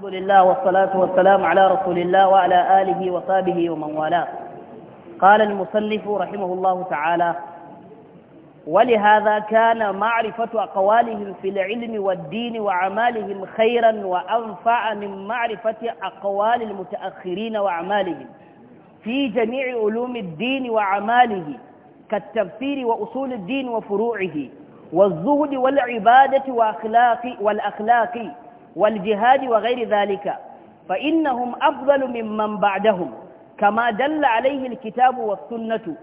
الحمد لله والصلاة والسلام على رسول الله وعلى آله وصحبه ومن والاه قال المصنف رحمه الله تعالى ولهذا كان معرفة أقوالهم في العلم والدين وأعمالهم خيرا وأنفع من معرفة أقوال المتأخرين وأعمالهم في جميع علوم الدين وأعماله كالتفسير وأصول الدين وفروعه والزهد والعبادة وأخلاق والأخلاق والجهاد وغير ذلك فإنهم أفضل ممن بعدهم كما دل عليه الكتاب والسنة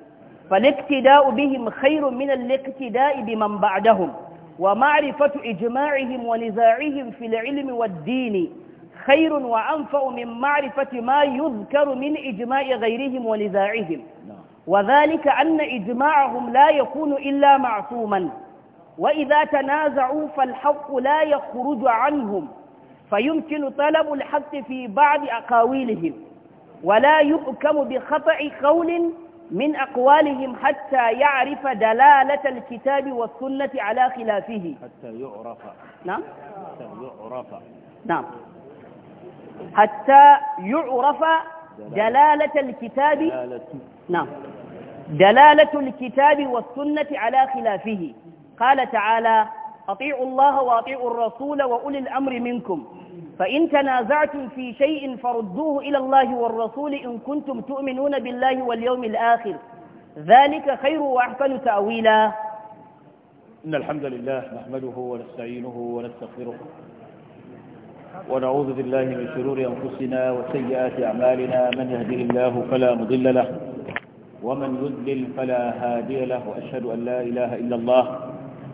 فالاقتداء بهم خير من الاقتداء بمن بعدهم ومعرفة إجماعهم ونزاعهم في العلم والدين خير وأنفع من معرفة ما يذكر من إجماع غيرهم ونزاعهم وذلك أن إجماعهم لا يكون إلا معصوما وإذا تنازعوا فالحق لا يخرج عنهم فيمكن طلب الحق في بعض أقاويلهم ولا يحكم بخطأ قول من أقوالهم حتى يعرف دلالة الكتاب والسنة على خلافه حتى يعرف نعم حتى يعرف نعم حتى يعرف دلالة الكتاب دلالة. نعم دلالة الكتاب والسنة على خلافه قال تعالى أطيعوا الله وأطيعوا الرسول وأولي الأمر منكم فإن تنازعتم في شيء فردوه إلى الله والرسول إن كنتم تؤمنون بالله واليوم الآخر ذلك خير وأحسن تأويلا إن الحمد لله نحمده ونستعينه ونستغفره ونعوذ بالله من شرور أنفسنا وسيئات أعمالنا من يهده الله فلا مضل له ومن يذلل فلا هادي له وأشهد أن لا إله إلا الله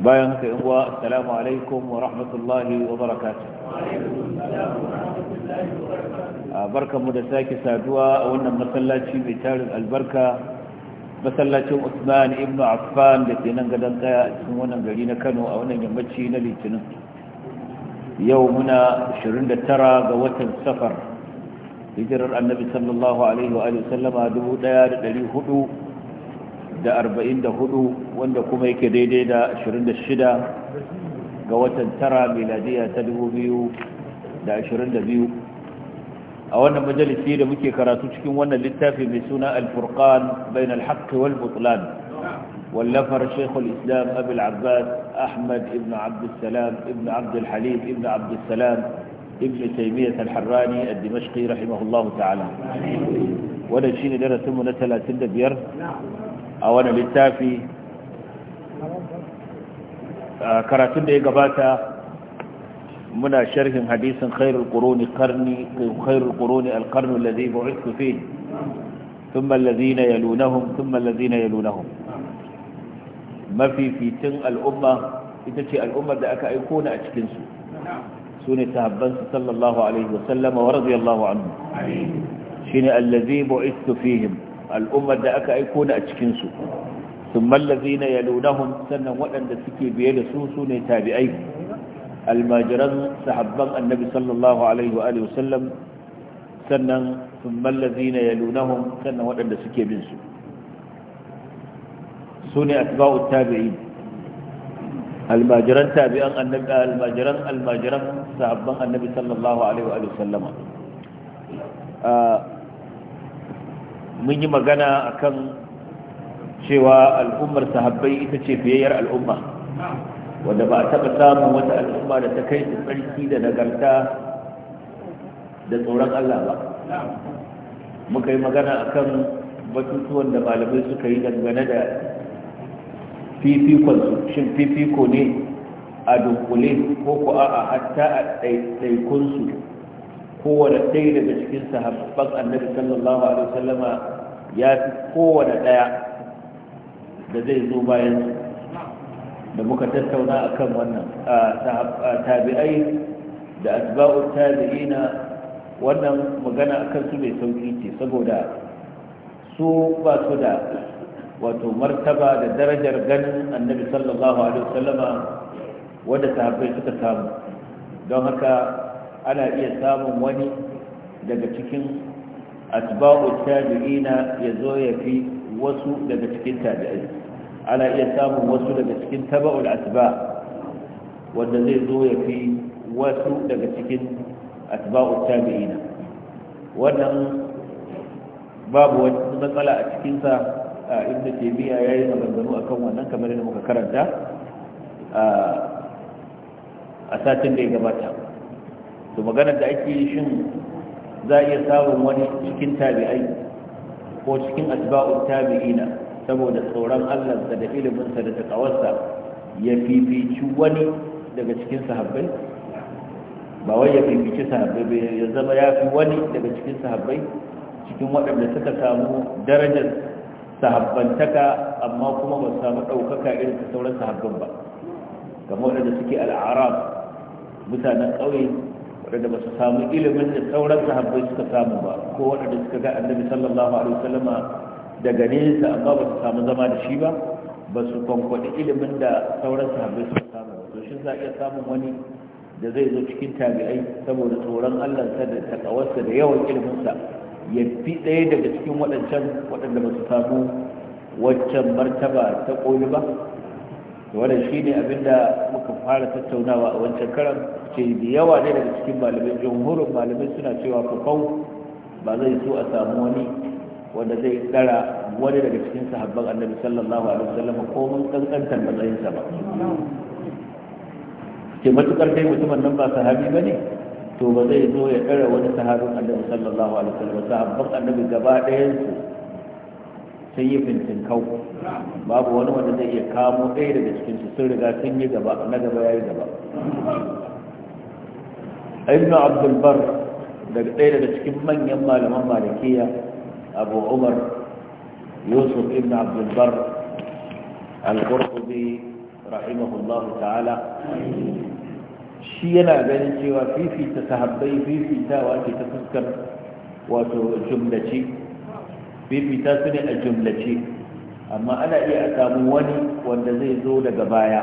bayan haka yan uwa assalamu alaikum wa rahmatullahi wa barakatuh barkanmu da sake saduwa a wannan masallaci mai tarin albarka masallacin Usman ibn Affan da ke nan gadon tsaya a cikin wannan gari na Kano a wannan yammaci na Litinin yau muna 29 ga watan safar hijirar annabi sallallahu alaihi wa sallama 1400 da arba'in da hudu wanda kuma yake daidai da ashirin da shida ga watan tara miladiya ta dubu biyu da ashirin da biyu a wannan majalisi da muke karatu cikin wannan littafi mai suna alfurkan bayan alhaƙi wal wallafar shekul islam abu al'abbas ahmad ibn abdulsalam ibn abdulhalim ibn abdulsalam ibn taimiyyat alharrani a dimashqi rahimahullahu ta'ala wannan shine darasinmu na talatin da biyar a wani littafi karatun da ya gabata muna sharhin hadisin khairul quruni qarni khairul quruni alqarnu alladhi bu'ithtu fihi thumma alladhina yalunahum thumma alladhina yalunahum mafificin al'umma ita ce al'ummar da aka aiko ni a cikin su sune sahabban su sallallahu alaihi wa sallama wa radiyallahu anhu shine alladhi bu'ithtu fihim al'ummar da aka aiko ni a cikinsu sun thumma allazina yalunahum sannan waɗanda suke biye da su su ne tabi'ai almajiran sahabban annabi sallallahu alaihi wa alihi wasallam sannan thumma allazina yalunahum sannan waɗanda suke bin su sune atba'u tabi'in almajiran tabi'an annabi almajiran almajiran sahabban annabi sallallahu alaihi wa alihi wasallama ah, mun yi magana akan cewa al'ummar sahabbai ita ce fiyayyar al'umma wadda ba a taɓa samun wata al'umma da ta kai su tsarki da nagarta da tsoron Allah ba muka yi magana akan batutuwan da malamai suka yi dangane da fifikonsu shin fifiko ne a dunkule ko ku a hatta a ɗaikunsu kowane ɗaya daga cikin sahabban annabi sallallahu alaihi wasallama ya fi kowane ɗaya da zai zo bayan da muka tattauna akan wannan tabi'ai da asba'u tabi'ina wannan magana akan su mai sauki ce saboda su ba su da wato martaba da darajar ganin annabi sallallahu alaihi wasallama wanda sahabbai suka samu don haka ana iya samun wani daga cikin asba'u tabi'ina ya zo ya fi wasu daga cikin tabi'ai ana iya samun wasu daga cikin taba'ul asiba, wanda zai zo ya fi wasu daga cikin asba'u tabi'ina wannan babu wani matsala a cikinsa a inda jami'a ya yi yayi a kan wannan kamar yadda muka karanta a satin da ya gabata to maganar da ake yi shin za a iya samun wani cikin tabi'ai ko cikin asba'u tabi'ina saboda tsoron Allahnsa da iliminsa da takawarsa ya fifici wani daga cikin sahabbai ba wai ya fifici sahabbai bai ya zama ya fi wani daga cikin sahabbai cikin waɗanda suka samu darajar sahabbantaka amma kuma ba su samu ɗaukaka irin sauran sahabban ba kamar waɗanda suke al'arab mutanen ƙauye wadanda ba su samu ilimin da sauran sahabbai suka samu ba ko wadanda suka ga annabi sallallahu alaihi wasallam daga nesa amma ba su samu zama da shi ba ba su kwankwaɗi ilimin da sauran sahabbai suka samu ba to shi za a iya samun wani da zai zo cikin tabi'ai saboda tsoron Allah sa da takawarsa da yawan ilimin sa ya fi ɗaya daga cikin waɗancan waɗanda ba su samu waccan martaba ta ƙoli ba wadda shi ne abinda muka fara tattaunawa a wancan karan ce da yawa ne daga cikin malamai jamhurin malamai suna cewa fafau ba zai so a samu wani wanda zai dara wani daga cikin sahabban annabi sallallahu alaihi wasallam ko mun kankantar matsayinsa ba ke matukar dai mutumin nan ba sahabi ba ne to ba zai zo ya dara wani sahabin annabi sallallahu alaihi wasallam sahabban annabi gaba ɗayansu. sai yi fintin kau babu wani wanda zai iya kamo ɗaya daga cikin su sun riga sun yi gaba na gaba ya yi gaba ibn bar daga ɗaya daga cikin manyan malaman malikiya abu umar yusuf ibn bar al-qurtubi rahimahullah ta'ala shi yana ganin cewa fifita sahabbai fifitawa ce ta fuskar wato jumlaci fifita su ne a jumlace amma ana iya a samu wani wanda zai zo daga baya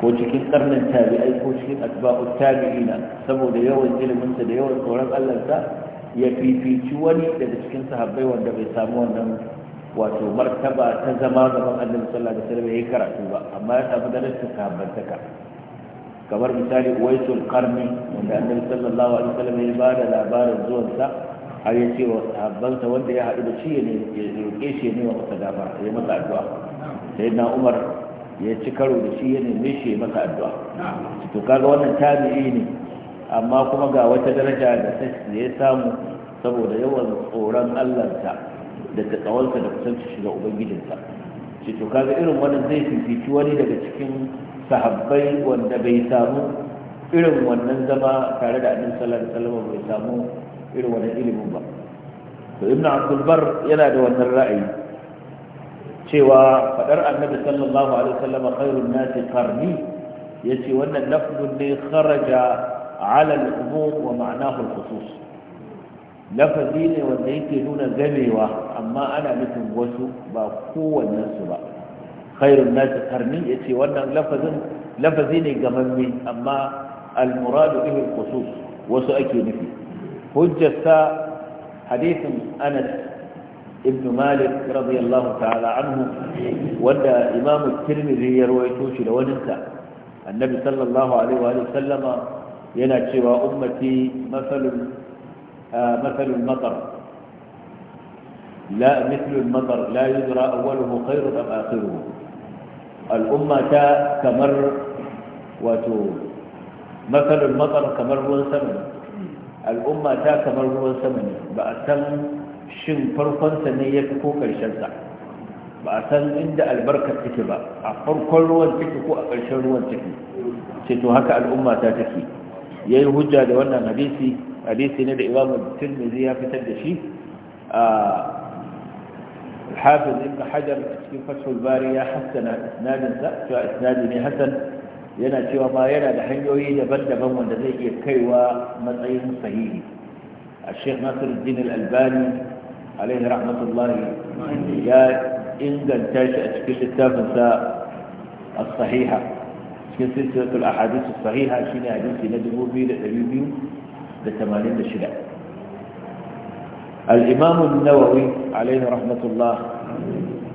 ko cikin karnin tabi'ai ko cikin asba'ut tabi'ina saboda yawan iliminsa da yawan tsoron Allahnsa ya fifici wani daga cikin sahabbai wanda bai samu wannan wato martaba ta zama gaban annabi sallallahu alaihi wasallam yayi karatu ba amma ya samu darajar sahabbantaka kamar misali waisul qarni wanda annabi sallallahu alaihi wasallam ya bada labarin zuwansa har yi ce wa sahabbansa wanda ya haɗu da shi ya roƙe shi ya nema masa dama ya yi masa addu'a sai na umar ya ci karo da shi ya neme shi ya masa addu'a to kaga wannan tabi'i ne amma kuma ga wata daraja da ta ya samu saboda yawan tsoron allahnsa da tsawonsa da kusanci shi ga ubangijinsa shi to kaga irin wannan zai fifici wani daga cikin sahabbai wanda bai samu irin wannan zama tare da annin sallallahu alaihi wasallam bai samu irin wani ilimin ba to ibn abdulbar yana da wannan ra'ayi cewa fadar annabi sallallahu alaihi wasallam khairun nasi qarni yace wannan lafzun ne kharaja ala al-umum wa ma'nahu al-khusus lafazi ne wanda yake nuna gamewa amma ana nufin wasu ba kowannensu ba khairun nasi karni ya ce wannan lafazin lafazi ne gamamme amma almuradu bihi khusus wasu ake nufi حجه حديث انس ابن مالك رضي الله تعالى عنه ودى امام الترمذي يرويته لوننسى النبي صلى الله عليه واله وسلم يناتي أمتي مثل آه، مثل المطر لا مثل المطر لا يدرى اوله خير ام اخره الامه كمر وتو مثل المطر كمر وسمن al'umma ta kamar ruwan sama ne ba a san shin farkonsa ne ya fi ko ƙarshensa ba a san inda albarkar take ba a farkon ruwan take ko a karshen ruwan take ce to haka al'umma ta take ya yi hujja da wannan hadisi hadisi ne da imamu tirmidhi ya fitar da shi a الحافظ ابن حجر في فتح الباري حسن اسناد ذا اسناد حسن yana cewa ma yana da hanyoyi daban-daban wanda zai iya kaiwa matsayin sahihi a sheikh nasiruddin al-albani alaihi rahmatullahi ya inganta shi a cikin littafinsa a sahiha cikin silsilatul ahadith as-sahiha shine hadisi na 2286 al-imam an-nawawi alaihi rahmatullah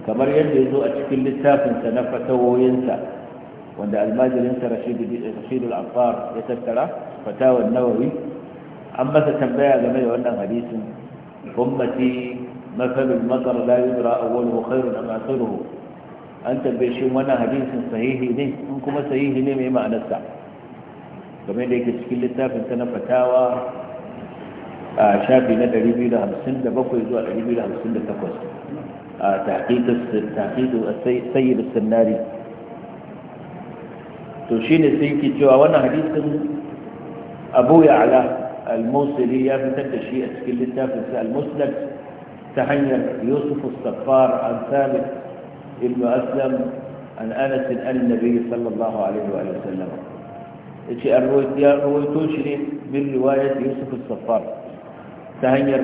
kamar yadda ya zo a cikin littafinsa na fatawoyinsa wanda almajirinsa rashidul afar ya tattara fatawar nawawi an masa tambaya game da wannan hadisin ummati masalul matar la yudra awwaluhu khairun masu akhiruhu an tambaye shi wannan hadisin sahihi ne in kuma sahihi ne mai ma'anarsa game da yake cikin littafin ta na fatawa a shafi na 257 zuwa 258 a taqiqat sayyid as-sannari to shine sai yake cewa wannan hadisin abu ya'la al-musili ya fitar da shi a cikin littafin sa al-musnad ta hanyar yusuf as-saffar an thabit ibn aslam an anas an nabi sallallahu alaihi wa sallam yace an ruwaito shi ne bin riwayat yusuf as-saffar ta hanyar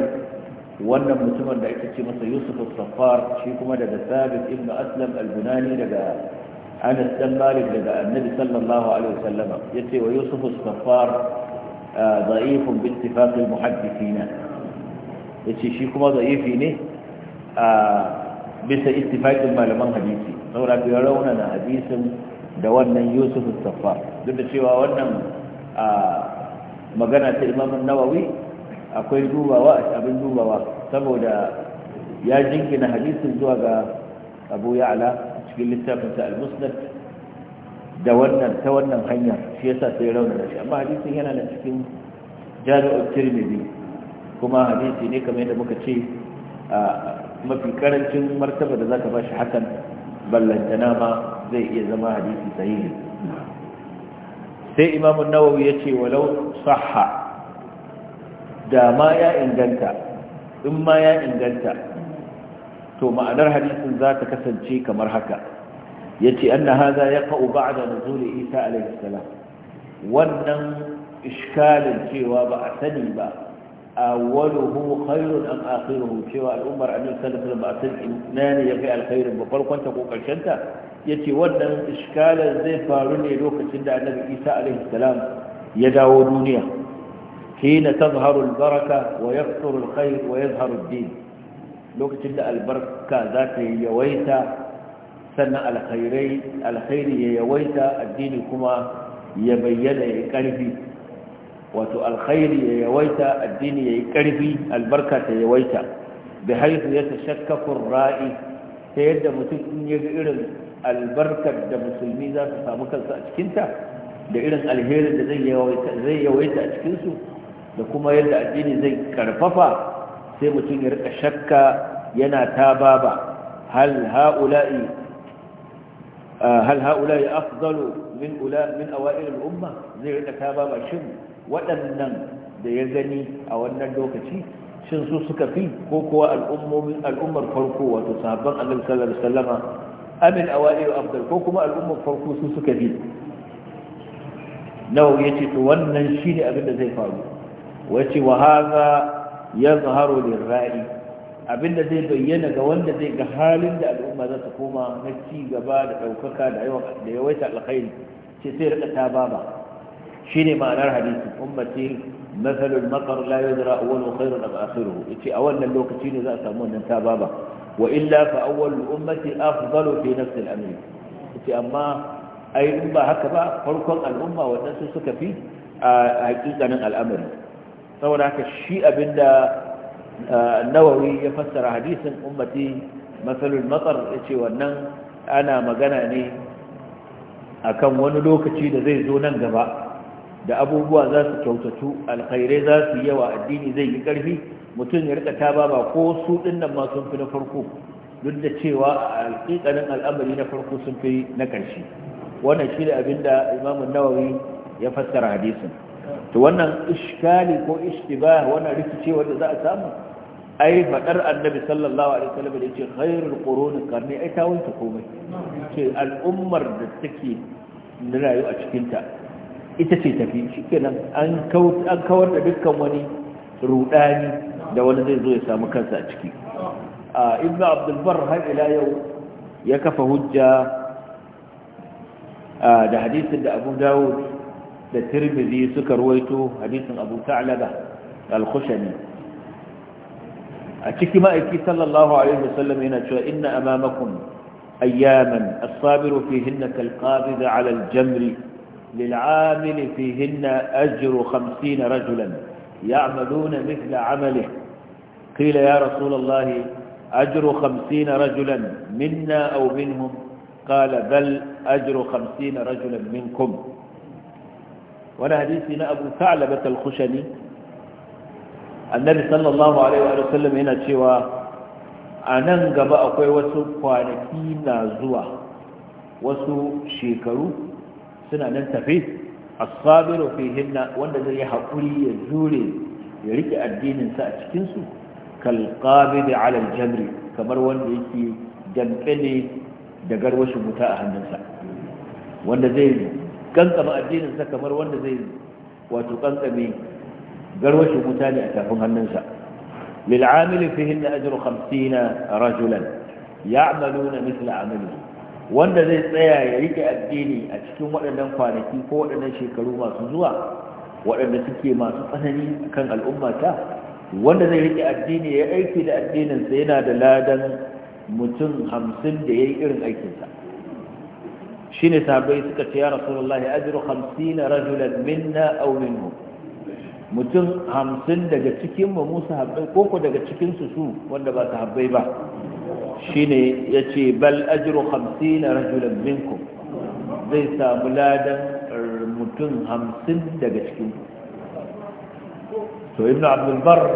wannan mutumin da ake ce masa yusuf as-saffar shi kuma daga thabit ibn aslam al-bunani daga anas dan malik daga annabi sallallahu alaihi wasallama yace wa yusuf as-saffar ضعيف باتفاق المحدثين yace shi kuma za'ifi ne a ah, bisa ittifaqin malaman hadisi saboda ya rauna na hadisin da wannan yusuf as-saffar duk da cewa wannan ah, magana ta imam nawawi akwai dubawa abin dubawa saboda ya jingina hadisin zuwa ga abu ya'la cikin littafin sa al-musnad da wannan ta wannan hanya shi yasa sai rauna da shi amma hadisin yana da cikin jami'ul tirmidhi kuma hadisi ne kamar yadda muka ce mafi karancin martaba da zaka bashi hakan ballantana ma zai iya zama hadisi sahihi sai imam an-nawawi yace walau sahha da ma ya inganta in ma ya inganta to ma'anar hadisin za ta kasance kamar haka Ya ce, An-Nahaja yace anna hadha yaqa'u ba'da nuzuli isa alayhi salam wannan iskalin cewa ba a sani ba awwaluhu khairun am akhiruhu cewa al'ummar annabi sallallahu alaihi wasallam ba san inna ya kai alkhairin ba farkon ko karshen ta ce wannan iskalin zai faru ne lokacin da annabi isa alaihi salam ya dawo duniya Kina Baraka حين تظهر البركة wa الخير ويظهر Din? lokacin da albarka za ta yi yawaita sannan alkhairi ya yawaita addini kuma ya bayyana ya karfi wato alkhairi ya yawaita addini ya yi karfi albarka ta yawaita bi haifu ya ta shakkakun ra'i ta yadda mutum in yi irin albarkar da musulmi za su samu kansu a cikinta da irin alherin da zai yawaita a cikinsu da kuma yadda addini zai karfafa sai mutum ya rika shakka yana ta ba hal ha'ula'i hal ha'ula'i afdalu min ula min awa'il al zai rika ta ba shin waɗannan da ya gani a wannan lokaci shin su suka fi ko kuwa al'ummomin al'ummar farko wato sahabban annabi sallallahu alaihi wasallama amin awa'il afdal ko kuma al'ummar farko su suka fi nawa ya ce to wannan shine abin da zai faru wace wa ya zaharo da ra'i abinda zai bayyana ga wanda zai ga halin da al'umma za ta koma na ci gaba da ɗaukaka da yawaita alkhairi ce sai rika ta baba shine ma'anar hadisi ummati mathalul maqar la yadra awwalu khairun am akhiruhu yace a wannan lokaci ne za a samu wannan ta baba wa illa fa awwalul ummati afdalu fi nafsi al-amr yace amma ai in ba haka ba farkon al'umma wannan su suka fi a hakikanin al'amari saboda haka shi abinda nawawi ya fassara hadisin ummati masalul matsar ya ce wannan ana magana ne akan wani lokaci da zai zo nan gaba da abubuwa za su kyautatu alkhairai za su yawa addini zai yi ƙarfi mutum ya rika taba ba ko su dinnan ma sun fi na farko duk da cewa a alƙiƙanin al'amari na farko sun fi na ƙarshe wannan shi da abinda da imamun nawawi ya fassara hadisin to wannan iskali ko ishtibah wannan rikice wanda za a samu ai fadar annabi sallallahu alaihi wasallam da yace khairul quruni qarni ai ta wanta komai ce al'ummar da take rayu a cikin ta ita ce tafi shikenan an an kawar da dukkan wani rudani da wani zai zo ya samu kansa a ciki a ibnu abdul bar har ila yau ya kafa hujja da hadisin da abu dawud da tirmidhi suka ruwaito hadisin abu ta'laba al-khushani a ciki ma'aiki sallallahu alaihi wasallam yana cewa inna amamakum ayyaman as-sabiru fihinna kal-qabid 'ala al-jamri lil-'amil fihinna ajru 50 rajulan ya'maluna mithla 'amalihi qila ya rasul Allah ajru 50 rajulan minna aw minhum qala bal ajru 50 rajulan minkum wani hadisi na abu sa'alabat al-khushani annabi sallallahu alaihi wa sallam yana cewa a nan gaba akwai wasu kwanaki na zuwa wasu shekaru suna nan tafi as-sabiru fihinna wanda zai yi hakuri ya jure ya riƙe addinin sa a cikin su da qabid jamri kamar wanda yake ne da garwashin wuta a hannunsa wanda zai kankama addininsa kamar wanda zai wato kankame garwashin wuta ne a tafin hannunsa lil'amili fihin na ajiyar hamsina rajulan ya amalu amali wanda zai tsaya ya rike addini a cikin waɗannan kwanaki ko waɗannan shekaru masu zuwa waɗanda suke masu tsanani kan al'ummata wanda zai rike addini ya aiki da addininsa yana da ladan mutum hamsin da ya yi irin aikinsa ne sahabbai suka ce ya rasulullahi ajru 50 rajulan minna aw minhum mutum hamsin daga cikin mu musu habbai koko daga cikin su su wanda ba su habbai ba shine ya ce bal ajiru hamsin rajulan minkum zai samu ladan mutum hamsin daga cikin to ibn abdulbar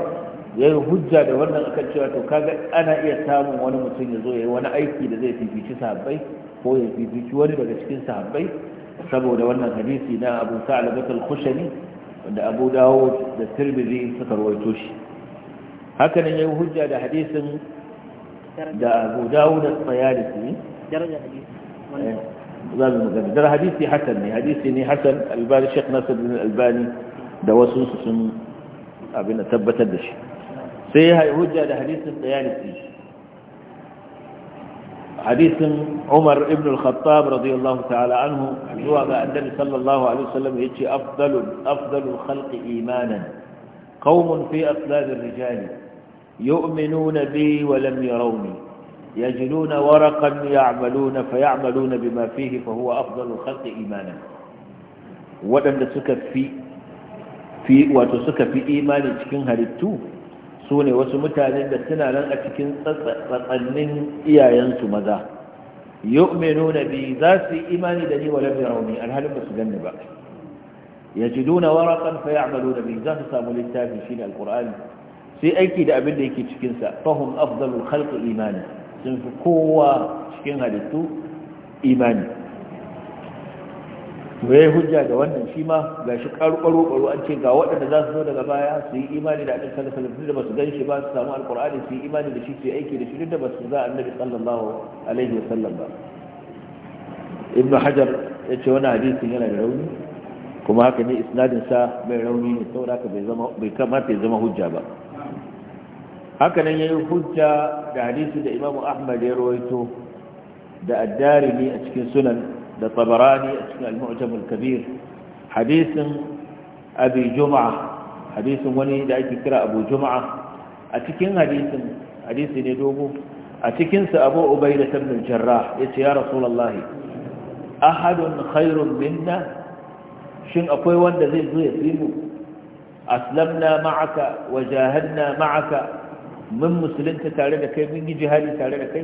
ya yi hujja da wannan akan cewa to kaga ana iya samun wani mutum ya zo ya yi wani aiki da zai fifici sahabbai ko ya bibici wani daga cikin sahabbai saboda wannan hadisi na abu sa'alabat al-khushani wanda abu dawud da tirmidhi suka rawaito shi haka nan yayi hujja da hadisin da abu dawud da tsayalisi daraja hadisi wannan zamu magana dar hadisi hasan ne hadisi ne hasan albani sheikh nasir bin albani da wasu sun abin tabbatar da shi sai hujja da hadisin tsayalisi حديث عمر بن الخطاب رضي الله تعالى عنه هو النبي صلى الله عليه وسلم هيك أفضل أفضل الخلق إيمانا قوم في أصلاب الرجال يؤمنون بي ولم يروني يجلون ورقا يعملون فيعملون بما فيه فهو أفضل الخلق إيمانا ولم نسك في في وتسك في إيمان تكنها للتوب su ne wasu mutanen da suna nan a cikin tsatsannin iyayensu maza yu'minuna bi za su yi imani da ni wa lam yarawni alhalin ba su ganni ba yajiduna waraqan fay'maluna bi za su samu littafi ne Alƙur'ani. sai aiki da abin da yake cikinsa, sa fahum afdalul khalqi imani sun fi kowa cikin halittu imani me hujja da wannan shi ma gashi karu karo karo an ce ga waɗanda za su zo daga baya su yi imani da annabi sallallahu alaihi wasallam da basu ganshi ba su samu alƙur'ani su yi imani da shi su aiki da shi duk da basu za annabi sallallahu alaihi wasallam ba ibn hajar ya ce wani hadisin yana da rauni kuma haka ne isnadin sa mai rauni ne saboda haka bai zama kamata ya zama hujja ba haka nan yayin hujja da hadisi da imamu ahmad ya rawaito da ne a cikin sunan da tabarani a cikin al-mu'jam kabir hadisin abi juma'a hadisin wani da ake kira abu juma'a a cikin hadisin hadisi ne dogo a cikinsa abu ubaida ta bin jarrah ya ce ya rasulallahi ahadun khairun minna shin akwai wanda zai zo ya fi mu aslamna ma'aka wa jahadna ma'aka mun musulunta tare da kai mun yi jihadi tare da kai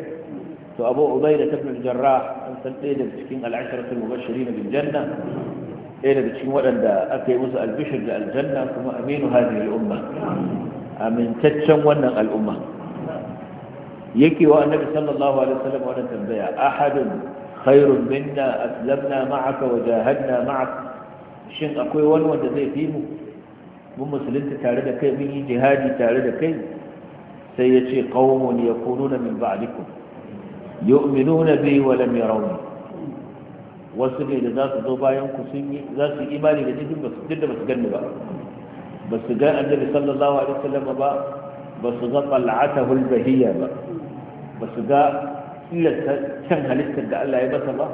أ ب بن الجراح انت اين بتشكين ا المبشرين بالجنة ا ل ج ن اكي موسى البشر ل ثم أمين هذه الأمة أمين أ م تتشم ولد ا يكي و النبي صلى الله عليه وسلم ولد تنبيه أحد خير منا أسلمنا معك وجاهدنا معك شن أ ق و ي ولد ولد زي فيه تتعرض كي من جهادي تتعرض كي سيجي قوم يكونون من بعدكم yu'minuna bi wa lam yarawni wasu ne da za su zo bayan ku sun yi za su yi imani da cikin basu duk da basu ganni ba ba su ga annabi sallallahu alaihi wasallam ba ba su ga qal'atahu al-bahiyya ba ba su ga illata can halittar da Allah ya masa ba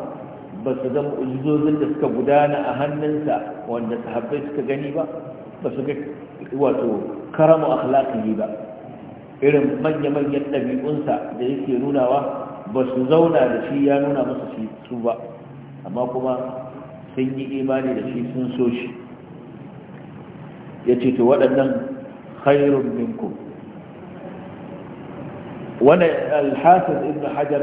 ba su ga mu'jizozin da suka gudana a hannunsa wanda sahabbai suka gani ba ba su ga wato karamu akhlaqi ba irin manya-manyan ɗabi'unsa da yake nunawa ba su zauna da shi ya nuna musu su ba amma kuma sun yi imani da shi sun so shi ya ce to waɗannan khairun minkum wannan alhassan ibn hajar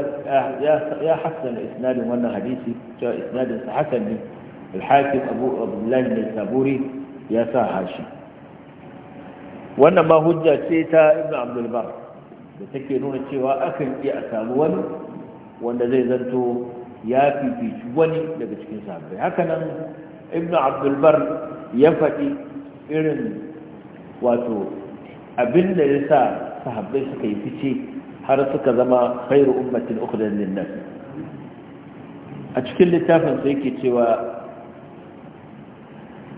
ya hassana isnadin wannan hadisi cewa isnadin sa hasan ne alhakim abu abdullahi mai saburi ya sa hashi wannan ma hujja ce ta ibn abdulbar da take nuna cewa akan iya a samu wani wanda zai zanto ya fifici wani daga cikin sahabbai hakanan ibn abdulbar ya faɗi irin wato abin da ya sa sahabbai suka yi fice har suka zama khairu ummatin ukhdan linnas a cikin littafin sai yake cewa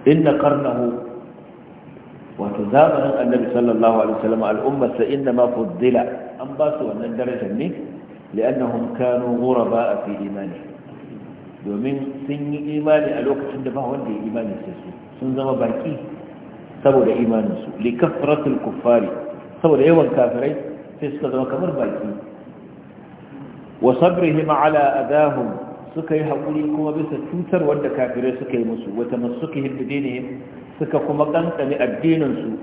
inna qarnahu زمن النبي صلى الله عليه وسلم على الأمة فإنما فضل أنباس وأن الدرجة منه لأنهم كانوا غرباء في إيمانه ومن سن إيمان الوقت عندما هو عنده إيمان السيسو سنزم بركي سبب إيمان السيسو لكثرة الكفار سبب كافرين في سيسكتما كمر بركي وصبرهم على أذاهم سكي كما بس تنتر وأن كافرين سكي مسو وتمسكهم بدينهم suka kuma kankane addininsu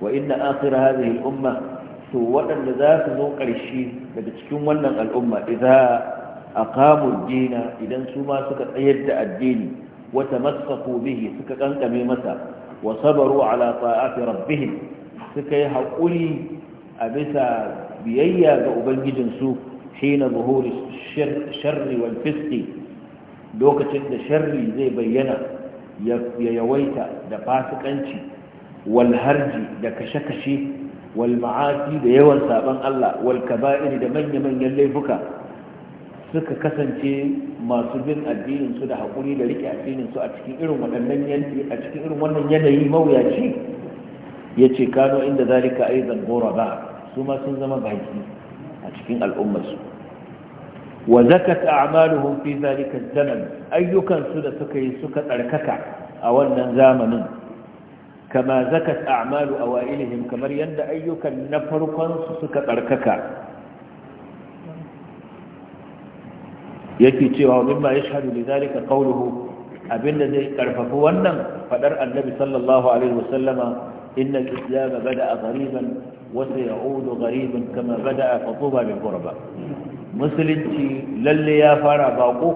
wa inna akhira hadhihi al-umma to waɗanda za su zo ƙarshe daga cikin wannan al'umma idza aqamu dina idan su ma suka tsayar da addini wa tamassaku bihi suka kankame masa wa sabaru ala ta'ati rabbihim suka yi haƙuri a bisa biyayya ga ubangijinsu hina zuhuri sharri wal fiski lokacin da sharri zai bayyana ya yawaita da fasikanci wal harji da kashe-kashe wal ma'asi da yawan saban Allah wal kaba'iri da manya-manyan laifuka suka kasance masu bin addininsu da haƙuri da rike addininsu a cikin irin waɗannan yanki a cikin irin wannan yanayi mawuyaci ya ce kano inda zalika aizan gora ba su ma sun zama baki a cikin al'ummarsu wa zakat a'maluhum fi zalika zaman ayyukan su da suka yi suka tsarkaka a wannan zamanin kama zakat a'malu awailihim kamar yadda ayyukan na farkon su suka tsarkaka yake cewa mimma yashhadu li zalika qawluhu abinda zai karfafa wannan fadar annabi sallallahu alaihi wasallama inna al-islam bada'a ghariban wa sayaudu ghariban kama bada fa tuba bil ghuraba musulunci lalle ya fara bako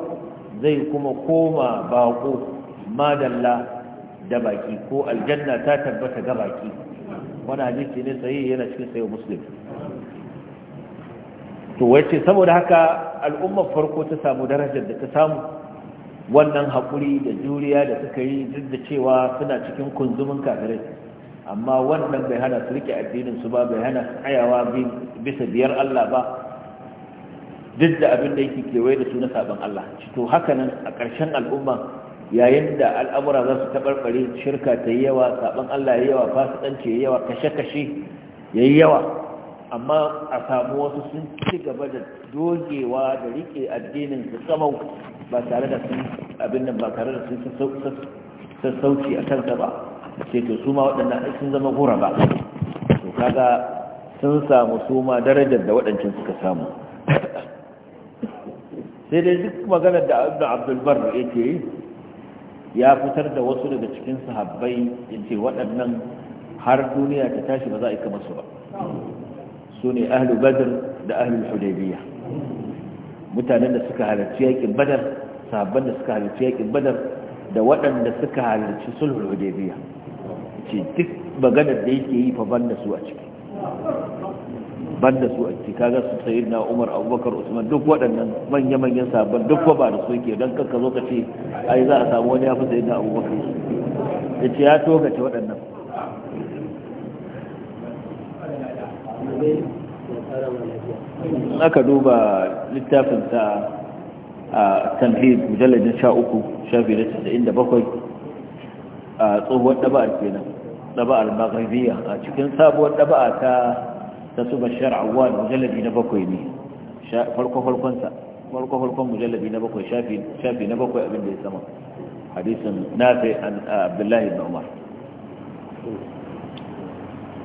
zai kuma koma bako madalla da baki ko aljanna ta tabbata ga baki wani hadisi ne sai yana cikin sayo musulun. to wace saboda haka al'ummar farko ta samu darajar da ta samu wannan haƙuri da juriya da suka yi duk da cewa suna cikin kunzumin kafirai amma wannan bai hana su rike addinin su ba bai hana su tsayawa bisa biyar Allah ba duk da abin da yake kewaye da su na sabon Allah to haka nan a ƙarshen al'umma yayin da al'amura za su taɓarɓare shirka ta yi yawa sabon Allah ya yi yawa fasikanci ya yi yawa kashe-kashe ya yi yawa amma a samu wasu sun ci gaba da dogewa da riƙe addinin su tsamau ba tare da sun abin nan ba tare da sun sassauci a kansa ba sai to su ma waɗannan sun zama hura ba to kaga sun samu su ma darajar da waɗancan suka samu sai dai duk maganar da abin abdulbar yake ya fitar da wasu daga cikin sahabbai yace waɗannan har duniya ta tashi ba za a yi kamar su ba su ne ahlu badr da ahlu hudaybiya mutanen da suka halarci yakin badar sahabban da suka halarci yakin badar da waɗanda suka halarci sulhul hudaybiya ce duk maganar da yake yi fa ban da su a ciki ban da su a ciki kaga su sayi na umar abubakar usman duk waɗannan manya-manyan sabon duk ba da su ke don kakka zo ka ce ai za a samu wani ya fi sayi na abubakar ya ce ya togace waɗannan aka duba littafin ta a tanhid mujalladin sha uku shafi na casa'in da bakwai a tsohuwar ɗaba'ar kenan ɗaba'ar magharibiya a cikin sabuwar ɗaba'a ta تتوب الشرع اول مجلد نبكوي دي فلكو فلكونسا فلكو فلكون مجلد نبكوي شافي شافي نبكوي ابن السماء حديث نافع عن آه، عبد الله بن عمر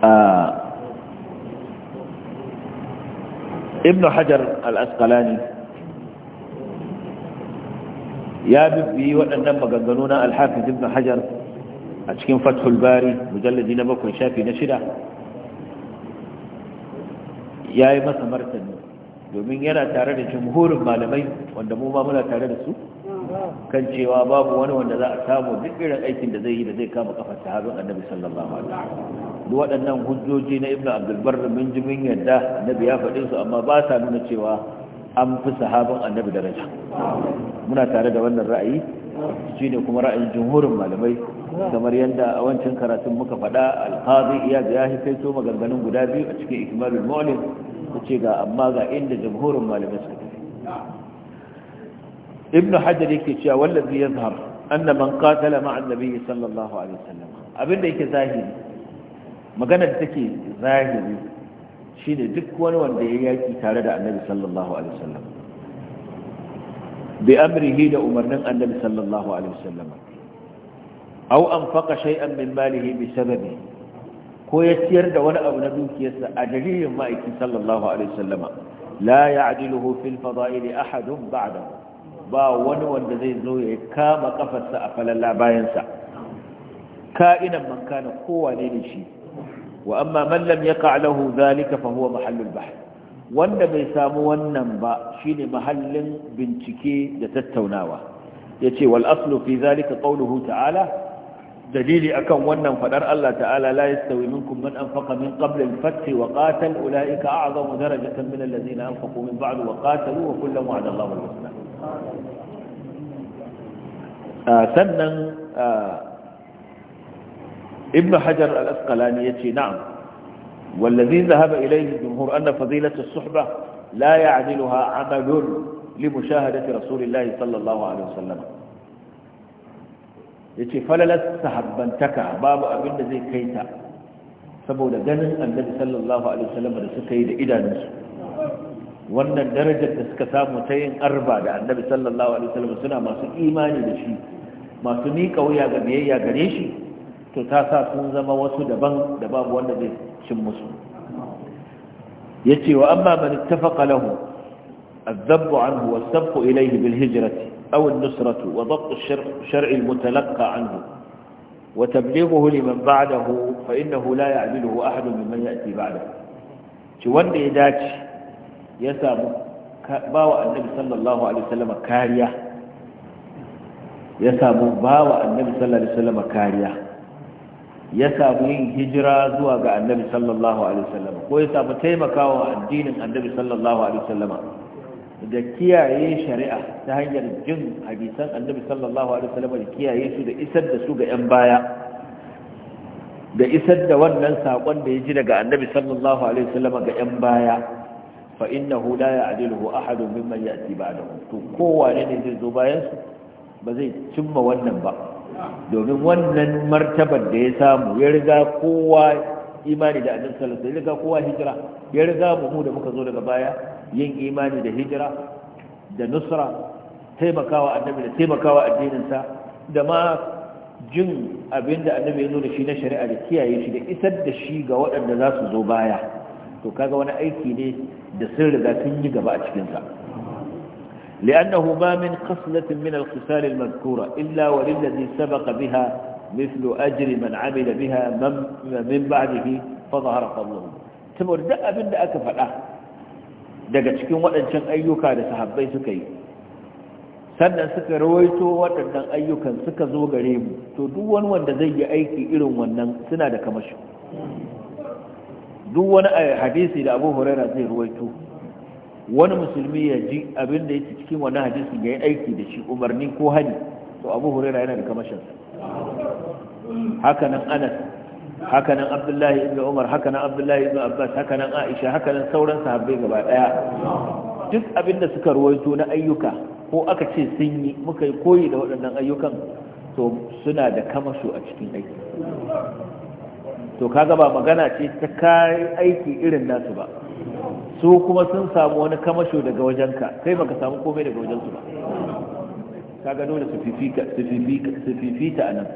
آه، ابن حجر الاسقلاني يا ببي وأنما قدنونا الحافظ ابن حجر أتكين فتح الباري مجلد بكم شافي نشرة ya yi masa martani domin yana tare da jumhurin malamai wanda mu muna tare da su kan cewa babu wani wanda za a samu duk irin aikin da zai yi da zai kama kafar sahabin annabi sallallahu alaihi wasallam duk waɗannan hujjoji na ibnu abdul barr mun ji mun yadda annabi ya faɗi su amma ba sa nuna cewa an fi sahabin annabi daraja muna tare da wannan ra'ayi shine kuma ra'ayin jumhurin malamai kamar yadda a wancan karatun muka faɗa alhazi iya da ya haifaito maganganun guda biyu a cikin ikimalul mu'lim ta ce ga amma ga inda jamhurin malamai suka tafi ibn hajar yake cewa wallazi yazhar anna annaban qatala ma'a annabi sallallahu alaihi wasallam abinda yake zahiri maganar da take zahiri shine duk wani wanda ya yaki tare da annabi sallallahu alaihi wasallam bi amrihi da umarnin annabi sallallahu alaihi wasallam au an faka shay'an min malihi bi sababi ko ya ciyar da wani abu na dukiyarsa a dalilin ma'aikin sallallahu alaihi wasallama la ya'diluhu fil fada'ili ahadun ba'dahu ba wani wanda zai zo ya kama kafarsa a falalla bayansa ka'inan man kana kowane ne shi wa amma man lam yaqa lahu dhalika fa huwa mahallul bahr wanda bai samu wannan ba shine mahallin bincike da tattaunawa yace wal aslu fi zalika qawluhu ta'ala دليلي أكم ونا فدر الله تعالى لا يستوي منكم من أنفق من قبل الفتح وقاتل أولئك أعظم درجة من الذين أنفقوا من بعد وقاتلوا وكل وعد الله سنن سنة ابن حجر الأسقلان نعم والذي ذهب إليه الجمهور أن فضيلة الصحبة لا يعدلها عمل لمشاهدة رسول الله صلى الله عليه وسلم yace falalar sahabbantaka babu abin da zai kai ta saboda ganin annabi sallallahu alaihi wasallam da suka yi da idanunsu wannan darajar da suka samu ta yin arba da annabi sallallahu alaihi wasallam suna masu imani da shi masu miƙa wuya ga biyayya gare shi to ta sa sun zama wasu daban da babu wanda zai cin musu yace wa amma man ittafaqa lahu الذب عنه والسبق إليه بالهجرة أو النصرة وضبط الشرع المتلقى عنه وتبليغه لمن بعده فإنه لا يعدله أحد ح د ممن ي بعده شوان لإداج يسام باوى النبي صلى الله عليه وسلم كاريا يسام باوى النبي صلى الله عليه وسلم كاريا يسام هجرا زواج النبي صلى الله عليه وسلم ويسام تيمكاوى الدين النبي صلى الله عليه وسلم. da kiyaye shari'a ta hanyar jin hadisan annabi sallallahu alaihi wasallam da kiyaye su da isar da su ga yan baya da isar da wannan sakon da ya ji daga annabi sallallahu alaihi wasallam ga yan baya fa innahu la ya'diluhu ahadun mimman ya'ti ba'dahu to kowane ne zai zo bayan su ba zai cimma wannan ba domin wannan martabar da ya samu ya riga kowa imani da annabi sallallahu alaihi wasallam ya riga kowa hijira ya riga mu da muka zo daga baya yin imani da hijira da nusra taimakawa annabi da taimakawa addininsa da ma jin abinda annabi ya nuna shi na shari'a da kiyaye shi da isar da shi ga waɗanda za su zo baya to kaga wani aiki ne da sun riga sun yi gaba a cikinsa لأنه ما من خصلة من الخصال المذكورة إلا وللذي سبق بها مثل أجر من عمل بها من, من بعده فظهر فضله تمر دأ من دأك فلا daga cikin waɗancan ayyuka da sahabbai suka yi sannan suka rawaito waɗannan ayyukan suka zo gare mu to duk wani wanda zai yi aiki irin wannan suna da kamashi duk wani hadisi da abu huraira zai rawaito wani musulmi ya ji abin da yake cikin wani hadisi ya yi aiki da shi umarni ko hani to abu huraira yana da kamashinsa haka anas hakanan abdullahi ibn umar hakanan abdullahi ibn abbas hakanan aisha hakanan sauran sahabbai gaba daya duk abinda suka ruwaito na ayyuka ko aka ce sun yi muka yi koyi da waɗannan ayyukan to suna da kamasho a cikin aiki to kaga ba magana ce ta kai aiki irin nasu ba su kuma sun samu wani kamasho daga wajenka kai baka samu komai daga wajensu ba kaga dole su fifita a nan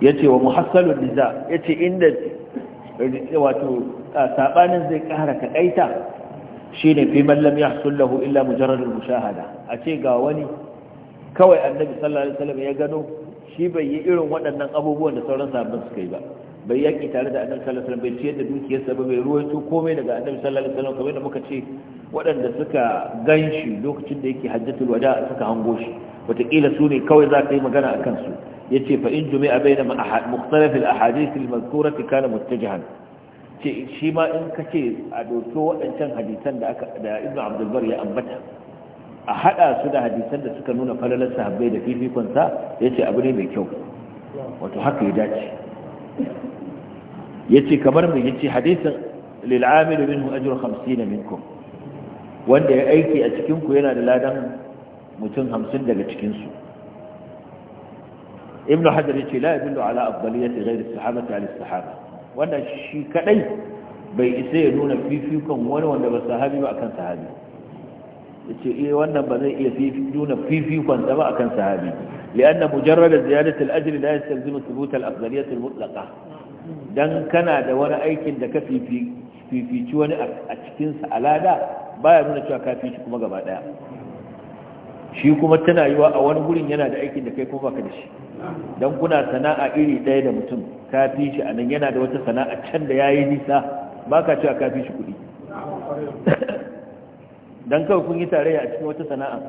ce wa muhassalun ya yace inda wato sabanin zai kara kaɗaita shine fi man lam yahsul illa mujarrad mushahada a ce ga wani kawai annabi sallallahu alaihi wasallam ya gano shi bai yi irin waɗannan abubuwan da sauran sabbin suka yi ba bai yaki tare da annabi sallallahu alaihi wasallam bai ciyar da dukiyarsa ba bai ruwaito komai daga annabi sallallahu alaihi wasallam kamar da muka ce waɗanda suka ganshi lokacin da yake hajjatul wada suka hango shi wataƙila su ne kawai za ka yi magana a kansu yace fa in jumi'a baina mukhtalaf al-ahadith al-mazkura kana muttajihan ce shi ma in kace a doke waɗancan hadisan da aka da Ibn Abdul Bar ya ambata a hada su da hadisan da suka nuna falalar sahabbai da fifikon sa yace abu ne mai kyau wato haka ya dace yace kamar mai yace hadisin lil amil minhu ajru 50 minkum wanda ya aiki a cikin ku yana da ladan mutum 50 daga cikin su ibn hajar yace la yadullu ala afdaliyati ghayr as-sahabati ala as-sahaba wannan shi kadai bai isa ya nuna fifikon wani wanda ba sahabi ba akan sahabi yace eh wannan ba zai iya nuna fifikon sa ba akan sahabi lianna mujarrad ziyadati al-ajr la yastalzimu thubut al-afdaliyati al-mutlaqa dan kana da wani aikin da ka fifi fifici wani a cikin sa alada baya nuna cewa ka fifici kuma gaba daya shi kuma tana yiwa a wani gurin yana da aikin da kai kuma baka da shi don kuna sana'a iri ɗaya da mutum ka fi shi a nan yana da wata sana'a can da ya yi nisa ba ka cewa ka fi shi kuɗi don kawai kun yi tare a cikin wata sana'a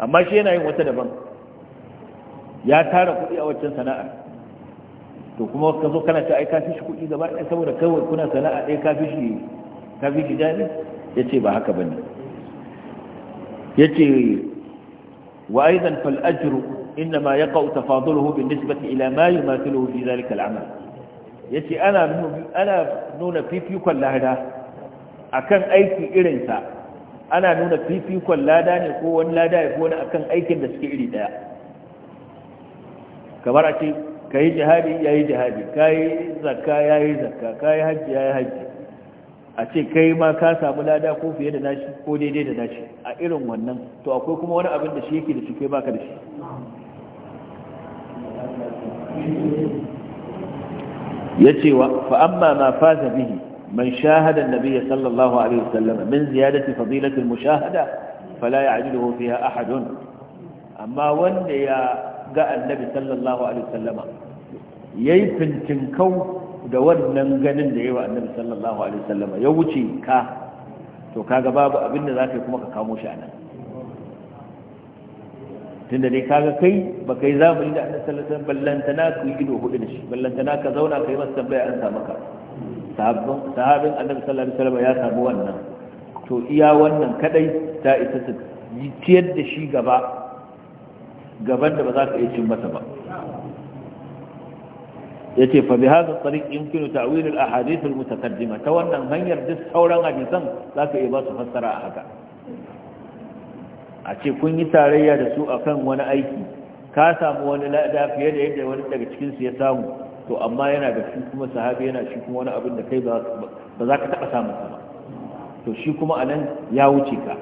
amma shi yana yin wata daban ya tara kuɗi a waccan sana'a to kuma ka zo kana cewa ai ka fi shi kuɗi gaba ɗaya saboda kawai kuna sana'a ɗaya ka fi shi ka fi shi jami ya ce ba haka ba ne ya ce wa aizan fal إنما يقع تفاضله بالنسبة إلى ما يماثله في ذلك العمل يتي أنا أنا نون في في كل هذا أكن أيك إرنسا أنا نون في في كل هذا يكون لا دا يكون أكن أيك دسكيري دا كبر أتي كاي جهادي يا هي جهادي كاي زكا يا هي زكا كاي حج يا هي حج a ce kai ma ka samu lada ko fiye da nashi ko daidai da nashi a irin wannan to akwai kuma wani abin da shi yake da shi kai baka da shi yace wa fa amma ma faza bihi man shahada an-nabiy sallallahu alaihi wasallam min ziyadati fadilati mushahada fala ya'jiluhu ya ahadun amma wanda ya ga annabi sallallahu alaihi wasallama yayi kau da wannan ganin da yawa annabi sallallahu alaihi wasallama ya wuce ka to kaga babu abin da zaka kuma ka kamo shi anan tunda dai kaga kai ba kai yi da annabi sallallahu alaihi wasallam ballantana ku ido hudu da shi ballantana ka zauna kai masa tambaya an samu ka sahabban sahabin annabi sallallahu alaihi wasallam ya samu wannan to iya wannan kadai ta isa ta ciyar da shi gaba gaban da ba za ka iya cin masa ba yace fa bi hadha tariq yumkinu ta'wil al ahadith al mutaqaddima ta wannan hanyar duk sauran hadisan za ka iya ba su fassara a haka a ce kun yi tarayya da su akan wani aiki ka samu wani lada fiye da yadda wani daga cikin su ya samu to amma yana da shi kuma sahabi yana shi kuma wani abin da kai ba za ka taɓa samun ba to shi kuma anan ya wuce ka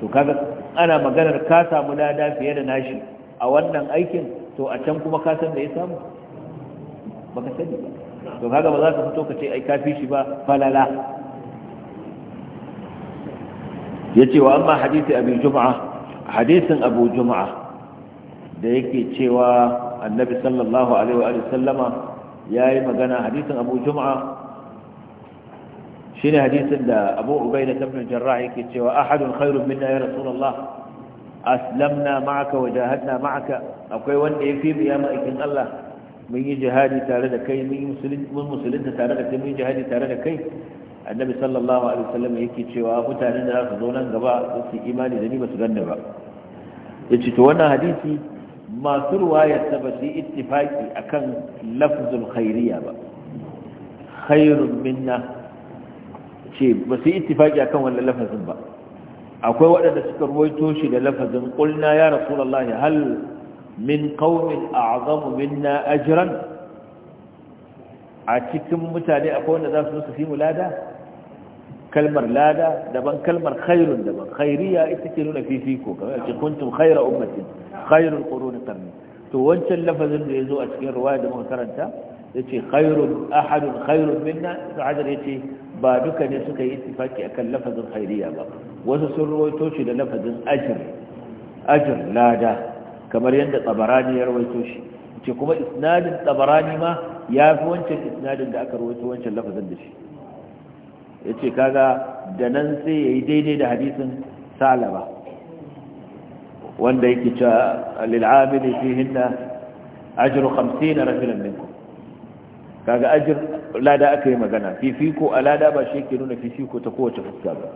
to kaga ana maganar ka samu lada fiye da nashi a wannan aikin to a can kuma ka san da ya samu ba ka sani ba to kaga ba za ka fito ka ce ai ka fi shi ba falala yace wa amma hadisi abu jum'a hadisin abu jum'a da yake cewa annabi sallallahu alaihi wa sallama yayi magana hadisin abu jum'a shine hadisin da abu ubaida ibn jarrah yake cewa ahadun khairun minna ya rasulullah aslamna ma'aka wa jahadna ma'aka akwai wanda ya fi ya ma'aikin Allah mun yi jihadi tare da kai mun yi musulunta tare da kai mun yi jihadi tare da kai annabi sallallahu alaihi wasallam yake cewa mutane da za su zo nan gaba su imani da ni ba su ganni ba Ya ce to wannan hadisi masu ruwayar ta ba su yi ittifaki akan lafzul khairiyya ba khairun minna ce ba su yi ittifaki akan wannan lafazin ba akwai waɗanda suka ruwaito shi da lafazin qulna ya rasulullah hal min qaumin a'zamu minna ajran a cikin mutane akwai wanda za su su fi mulada kalmar lada daban kalmar khairun daban khairiya ita ce nuna fifiko kamar ce kuntum khaira ummatin khairul quruni qarni to wancan lafazin da yazo a cikin riwaya da muka karanta yace khairun ahadun khairun minna sa'adar yace ba duka ne suka yi ittifaki akan lafazin khairiya ba wasu sun rawaito shi da lafazin ajr ajr lada kamar yadda tabarani ya rawaito shi ce kuma isnadin tabarani ma ya fi wancan isnadin da aka rawaito wancan lafazin da shi yace kaga da nan sai yayi daidai da hadisin salaba wanda yake cewa lil amili fihinna ajru 50 rajulan minkum kaga ajr lada aka yi magana fifiko alada ba shi ke nuna fifiko ta kowace fuska ba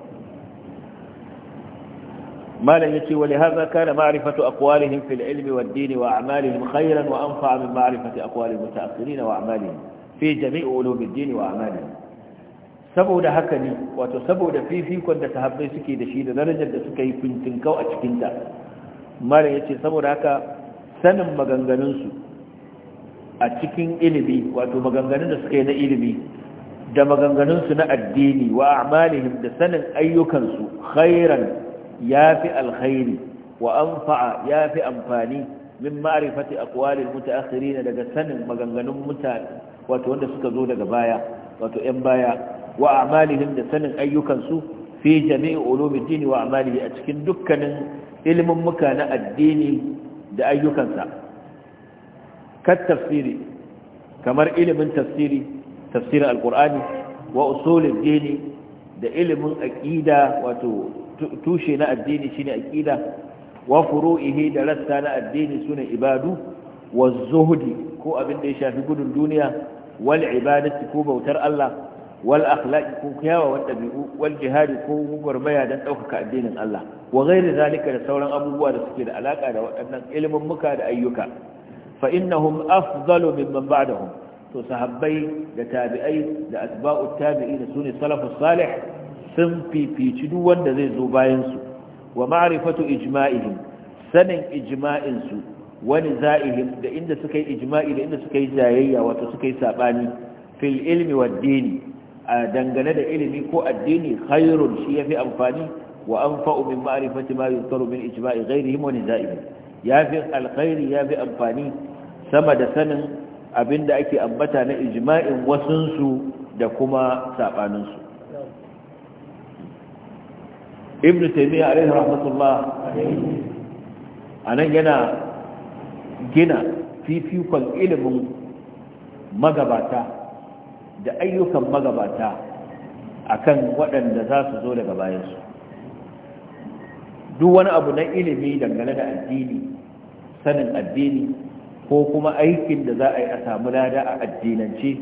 malam yace wa lihaza kana ma'rifatu aqwalihim fil ilmi wad din wa a'malihim khayran wa anfa'a min ma'rifati aqwalil mutaakhirin wa a'malihim fi jami'i ulumid din wa a'malihim saboda haka ne wato saboda fifikon da sahabbai suke da shi da darajar da suka yi fintinkau a cikinta mara ya ce saboda haka sanin maganganunsu a cikin ilimi wato maganganun da suka yi na ilimi da maganganunsu na addini wa amalihim da sanin ayyukansu khairan ya fi alkhairi wa anfa'a ya fi amfani min ma'arifati a aqwalil mutaakhirin daga sanin maganganun mutane wato wanda suka zo daga baya wato 'yan baya wa amalihim da sanin ayyukansu fi jami'i ulumuddin wa amalihi a cikin dukkanin ilimin muka na addini da ayyukansa kat tafsiri kamar ilimin tafsiri tafsirin alqur'ani wa usulul dini da ilimin aqida wato tushe na addini shine aqida wa furu'ihi da rassa na addini sune ibadu wa zuhdi ko abin da ya shafi gudun duniya wal ibadati ko bautar Allah wal akhlaqi ko kyawawan dabi'u wal jihadi ko gurmaya dan daukaka addinin Allah wa ghairi zalika da sauran abubuwa da suke da alaka da waɗannan ilimin muka da ayyuka fa innahum afdalu mimman ba'dahum to sahabbai da tabi'ai da asba'ut tabi'i da sunni salafus salih sun fifici duk wanda zai zo bayan su wa ma'rifatu ijma'ihim sanin ijma'in su wani za'ihim da inda suka yi ijma'i da inda suka yi jayayya wato suka yi sabani fil ilmi wad dini a dangane da ilimi ko addini khairun shi yafi amfani wa anfa'u min ma'rifati ma yuzkaru min ijma'i ghairihim wa ya yafi alkhairi yafi amfani sama da sanin abinda ake ambata na ijma'in wasunsu da kuma sabaninsu ibn taymiyyah alaihi rahmatullah anan yana gina fifikon ilimin magabata da ayyukan magabata akan waɗanda za su zo daga bayansu duk wani abu na ilimi dangane da addini sanin addini ko kuma aikin da za a yi a samu lada a addinance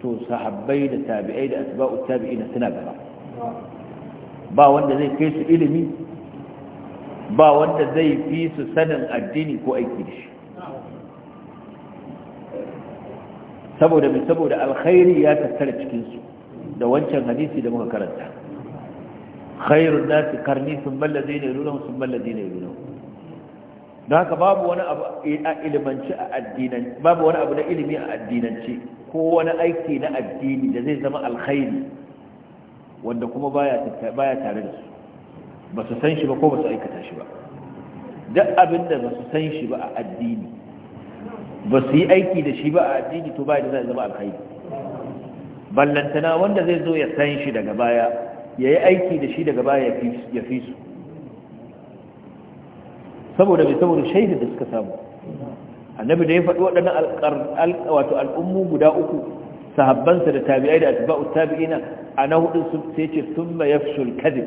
to sahabbai da tabi'ai da asba'u tabi'ina suna gaba ba wanda zai kai su ilimi ba wanda zai fi su sanin addini ko aiki da shi saboda mai saboda alkhairi ya tattara cikinsu da wancan hadisi da muka karanta khairun nasu karni sun mallaze ne runan sun mallaze ne runan da haka babu wani abu a ilimanci a addinanci babu wani abu na ilimi a addinanci ko wani aiki na addini da zai zama alkhairi wanda kuma baya tare da su ba su san shi ba ko ba su aikata shi ba duk abin da ba su san shi ba a addini ba su yi aiki da shi ba a addini to ba da zai zama alkhairi ballantana wanda zai zo ya san shi daga baya ya yi aiki da shi daga baya ya fi su saboda mai saboda shaidu da suka samu annabi da ya faɗi waɗannan wato al'ummu guda uku sahabbansa da tabi'ai da atba'u tabi'ina a na hudun su sai ce sun ma yafshul kadib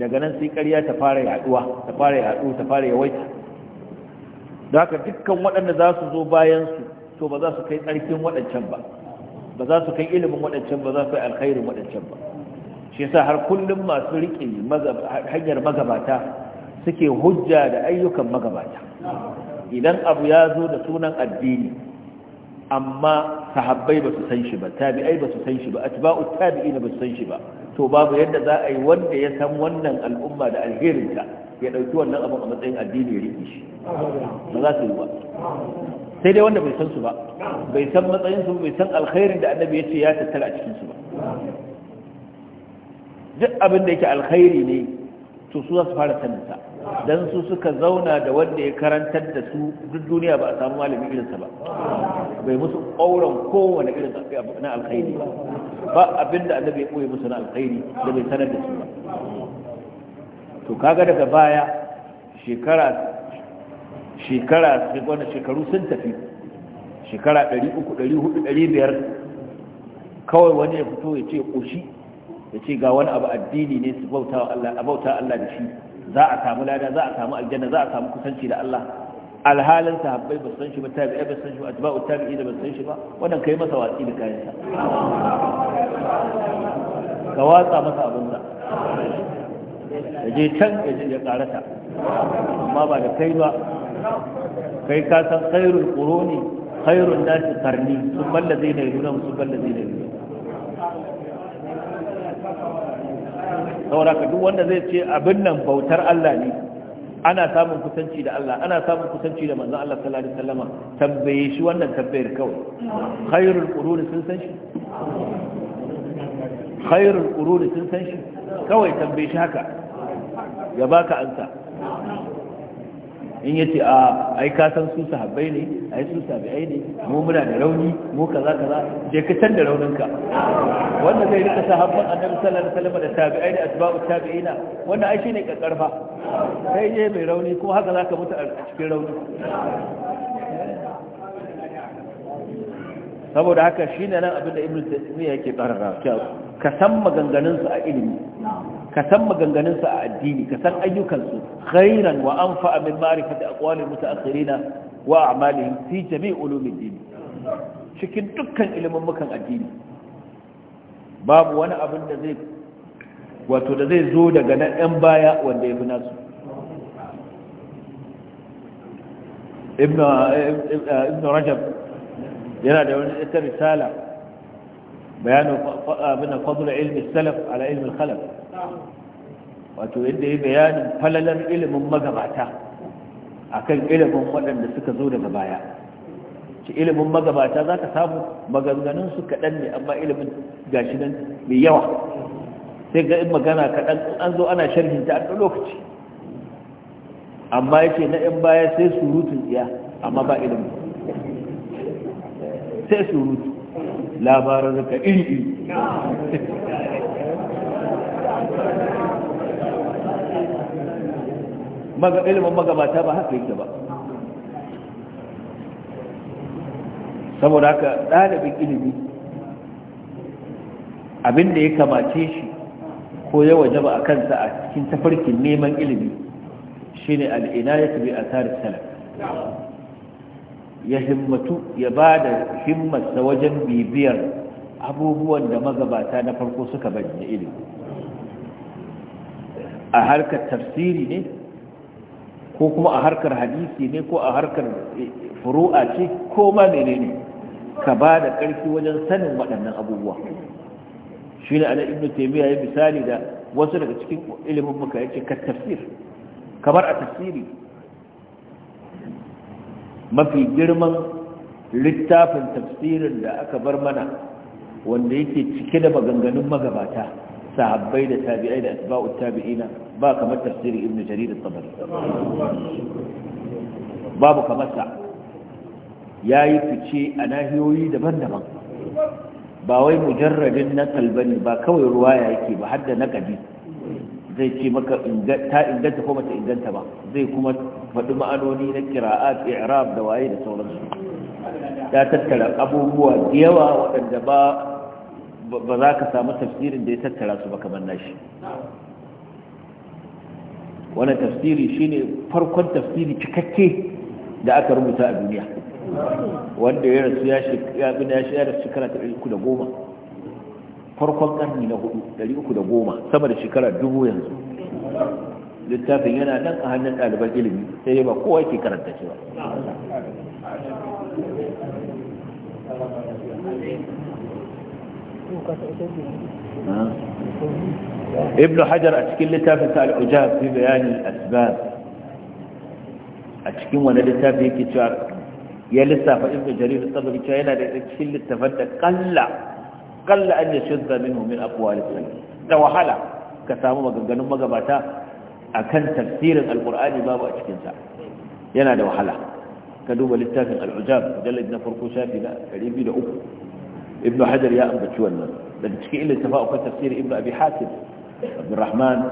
daga nan sai ƙarya ta fara yaduwa ta fara yadu ta fara yawaita da haka dukkan waɗanda za su zo bayansu to ba za su kai tsarkin waɗancan ba ba za su kai ilimin waɗancan ba za su kai alkhairin waɗancan ba shi yasa har kullum masu riƙe hanyar magabata suke hujja da ayyukan magabata idan abu ya zo da sunan addini amma sahabbai ba su san shi ba tabi'ai ba su san shi ba atba'u tabi'ina ba su san shi ba to babu yadda za a yi wanda ya san wannan al'umma da alherinta ya ɗauki wannan abin a matsayin addini ya riƙe shi ba za su yi ba sai dai wanda bai san su ba bai san matsayin su bai san alkhairin da annabi ya ce ya tattara a cikin su ba duk abin da yake alkhairi ne to su za su fara sanin dan su suka zauna da wanda ya karantar da su duk duniya ba a samu malami irin sa ba bai musu ƙauran kowane irin na alkhairi ba ba abin da annabi ya koyi musu na alkhairi da bai sanar da su ba to kaga daga baya shekara shekara wani shekaru sun tafi shekara 300,400,500 kawai wani ya fito ya ce ƙoshi ya ce ga wani abu addini ne su bauta Allah da shi za a samu lada za a samu aljanna za a samu kusanci da Allah alhalin sahabbai ba san shi ba tabi'i ba san shi ba atba'u tabi'i da ba san shi ba wannan kai masa watsi da kayansa ka watsa masa abin sa ya je can ya je ya karata amma ba da kai ba kai ka san khairul quruni khairun nasi qarni sun balla zai yi nuna sun balla zai yi saboda ka duk wanda zai ce abin nan bautar Allah ne ana samun kusanci da Allah ana samun kusanci da manzon Allah sallallahu alaihi wasallam tambaye shi wannan tambayar kawai khairul quruni sun san shi khairul quruni sun san shi kawai tambaye shi haka ya baka ansa in yace a ai ka san su sahabbai ne ai su tabi'ai ne mu muna da rauni mu kaza kaza je ka san da rauninka wanda zai rika sahabban annabi sallallahu alaihi wasallam da tabi'ai da asbabu tabi'ina wanda ai shine kakkarfa sai je mai rauni kuma haka zaka mutu a cikin rauni saboda haka shine nan abinda ibnu taymiya yake karara kyau ka san maganganunsu a ilimi ka san maganganunsu a addini ka san ayyukansu khairan wa fa'a min ma'rifati aqwalil mutaakhirina wa a'malihim fi jami' ulumuddin cikin dukkan ilimin mukan addini babu wani abin da zai wato da zai zo daga na yan baya wanda ya fi nasu ibn rajab yana da wani ita risala bayanin abin fadla ilmi salaf ala ilmi khalaf wato yadda ya bayanin falalar ilimin magabata akan ilimin waɗanda suka zo daga baya ci ilimin magabata za ka samu maganganun su kaɗan ne amma ilimin gashi nan mai yawa sai ga in magana kaɗan an zo ana sharhin ta a lokaci amma ya ce na 'yan baya sai surutun tsiya amma ba ilimin sai surutu ka iri maga ilimin magabata ba haka yake ba saboda haka ɗalibin ilimi abinda ya kamace shi ko ya waje ba a kansa a cikin tafarkin neman ilimi shine al'ina ya tabi a ya himmatu ya ba da himmarsa wajen bibiyar abubuwan da magabata na farko suka bari na ilimi a harkar tafsiri ne ko kuma a harkar hadisi ne ko a harkar eh, furu'a ce ko ma ne-ne-ne. ka ba da ƙarfi wajen sanin waɗannan abubuwa shi ne ala ibnu taymiya ya misali da wasu daga cikin ilimin muka yace ka tafsir kamar a tafsiri mafi girman littafin tafsirin da aka bar mana wanda yake cike da maganganun magabata sahabbai da tabi'ai da asba'ut tabi'ina ba kamar tafsirin ibn jarir al-tabari babu kamar sa yayi fice a nahiyoyi daban-daban ba wai mujarradin na kalbani ba kawai ruwaya yake ba har da naqadi zai ce maka ta inganta ko mata inganta ba zai kuma faɗi ma'anoni na kira'at i'rab da waye da sauransu ya tattara abubuwa da yawa waɗanda ba ba za ka samu tafsirin da ya tattara su ba kamar nashi wannan tafsiri shine farkon tafsiri cikakke da aka rubuta a duniya wanda ya rasu ya shekara ta ɗari da goma farkon karni na hudu dari uku da goma sama da shekara dubu yanzu littafin yana nan a hannun ɗaliban ilimi sai dai ba kowa ke karanta shi ba ابن حجر أتكين لتافة العجاب في بيان الأسباب أتكين وانا لتافة كتاب يا لسافة ابن جرير الطبري كان لتكين لتفدى قلع qalla an yashadda minhu min aqwali da wahala ka samu maganganun magabata akan tafsirin alqur'ani babu a cikin sa yana da wahala ka duba littafin al-ujab mujallad na farko shafi na 203 hajar ya ambaci wannan daga cikin ilmin akwai tafsirin ibn abi hatim abd rahman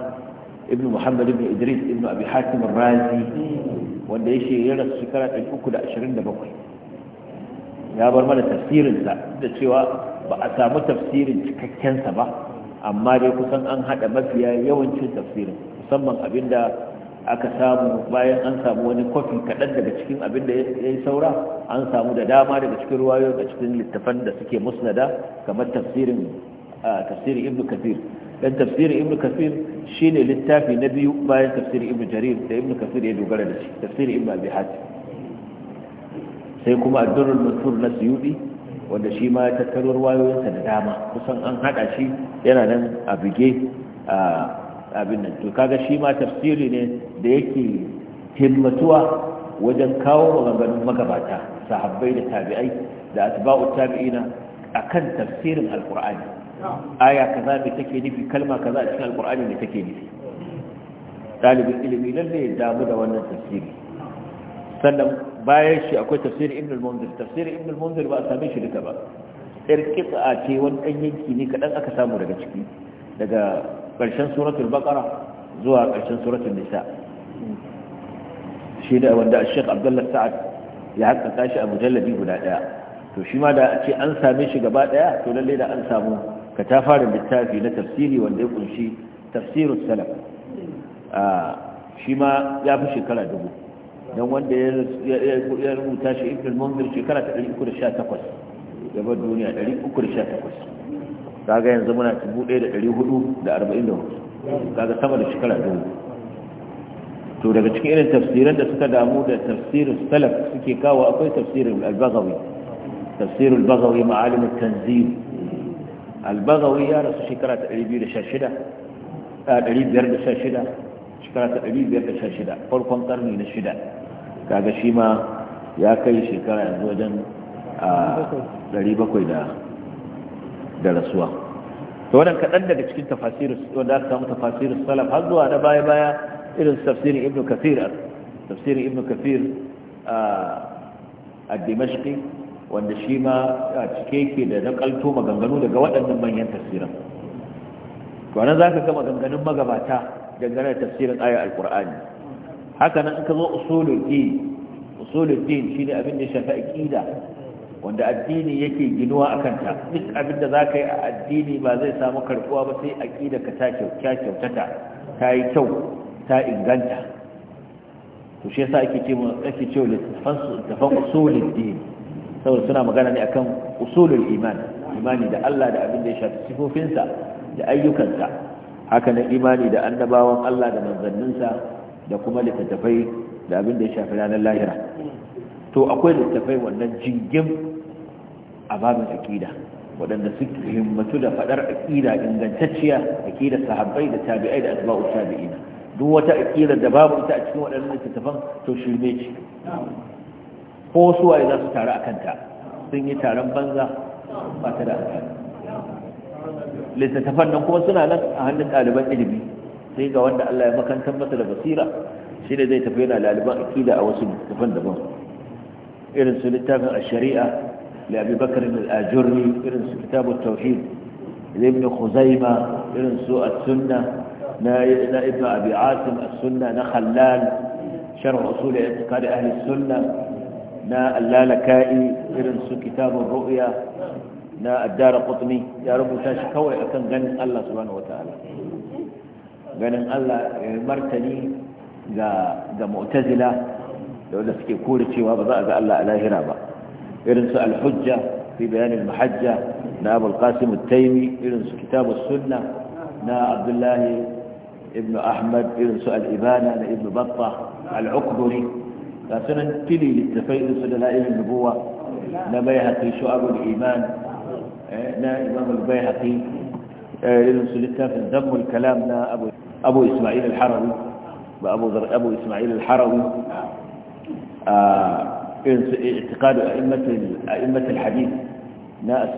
ibn muhammad ibn idris ibn abi hatim razi wanda ya shekara shekara 327 ya bar mana sa da cewa ba a samu tafsirin cikakkensa ba amma dai kusan an haɗa mafiya yawancin tafsirin musamman abinda aka samu bayan an samu wani kwafi kaɗan daga cikin abin da ya yi saura an samu da dama daga cikin ruwayo da cikin littafan da suke musnada kamar tafsirin tafsirin ibn kafir dan tafsirin ibn kafir shine littafi na biyu bayan tafsirin ibn jarir da ibn kafir ya dogara da shi tafsirin ibn abi hatim sai kuma ad-durrul mansur na suyudi wanda shi ma ya tattaruwar wayoyinsa da dama kusan an haɗa shi yana nan a bige a abin nan to kaga shi ma tafsiri ne da yake himmatuwa wajen kawo maganganun magabata sahabbai da tabi'ai da asba'u tabi'ina akan tafsirin alqur'ani aya kaza me take nufi kalma kaza a cikin alqur'ani ne take nufi dalibin ilimi lalle ya damu da wannan tafsiri sannan bayan shi akwai tafsir ibn al-munzir tafsir ibn al-munzir ba a same shi duka ba ɗar kitsa ce wani ɗan yanki ne kaɗan aka samu daga ciki daga ƙarshen suratul baqara zuwa ƙarshen suratul nisa shi da wanda Sheikh Abdullah Sa'ad ya haƙƙaƙa shi a mujalladi guda ɗaya to shi ma da a ce an same shi gaba ɗaya to lalle da an samu katafarin littafi na tafsiri wanda ya kunshi tafsirus salaf ah, shi ma ya fi shekara dubu don wanda ya rubuta shi ibn munzir shekara ta 318 gaba duniya 318 kaga yanzu muna 1444 kaga sama da shekara dubu to daga cikin irin tafsiran da suka damu da tafsirin salaf suke kawo akwai tafsirin al-baghawi tafsir al-baghawi ma'alim at-tanzil al-baghawi ya rasu shekara ta 216 516 shekara ta 516 farkon karni na shida kaga shi ma ya kai shekara yanzu wajen a 700 da da rasuwa to wannan kaɗan daga cikin tafasiru wanda aka samu tafasiru salaf har zuwa na baya baya irin tafsirin kafir kathir tafsirin Ibn kathir a dimashki wanda shi ma a cike yake da nakalto maganganu daga waɗannan manyan tafsirin. to za ka ga maganganun magabata dangane da tafsirin ayar alqur'ani haka nan ka zo usulul din usulul shine abin da shafi aqida wanda addini yake ginuwa akan ta duk abin da zaka yi a addini ba zai samu karbuwa ba sai akida ka ta kyautata ta yi kyau ta inganta to shi yasa ake ce ake ce littafan usulul saboda suna magana ne akan usulul iman imani da Allah da abin da ya shafi sifofinsa da ayyukansa haka nan imani da annabawan Allah da manzanninsa da kuma littattafai da abin da ya shafi ranar lahira to akwai littattafai wannan jingim a babin aƙida waɗanda suke himmatu da faɗar aƙida ingantacciya aƙida sahabbai da tabi'ai da asba'u tabi'ina duk wata aƙida da babu ita a cikin waɗannan littattafan to shirme ce ko wasu waye za su taru a kanta sun yi taron banza ba ta da amfani littattafan nan kuma suna nan a hannun ɗaliban ilimi sai ga wanda Allah ya makantar masa da basira shi ne zai tafi yana laliban akida a wasu daban daban irin su littafin ash-shari'a li Abi Bakr ajurri irin su kitab at-tauhid ibn Khuzaima irin su as-sunna na ibn Abi Asim as-sunna na Khallal sharh usul i'tiqad ahli sunna na al-Lalaka'i irin su kitab ar-ru'ya na ad-Darqutni ya rubuta shi kawai akan ganin Allah subhanahu wa ganin Allah eh, martani ga ga mu'tazila da wanda suke kore cewa ba za a ga Allah a lahira ba irin su al-hujja fi bayan al-muhajja na Abu al-Qasim irin su kitabu as-sunna na abdullahi ibn Ahmad irin su alibana na Ibn Battah al-Uqduri da sunan tili littafai su da la'ilin nubuwa na bai haƙi shu'abul iman eh, na imamul bai haƙi eh, irin su littafin zammul kalam na abu abu ismail al-harawi ba abu zar ismail al-harawi a irin su i'tiqadu a'immat al na as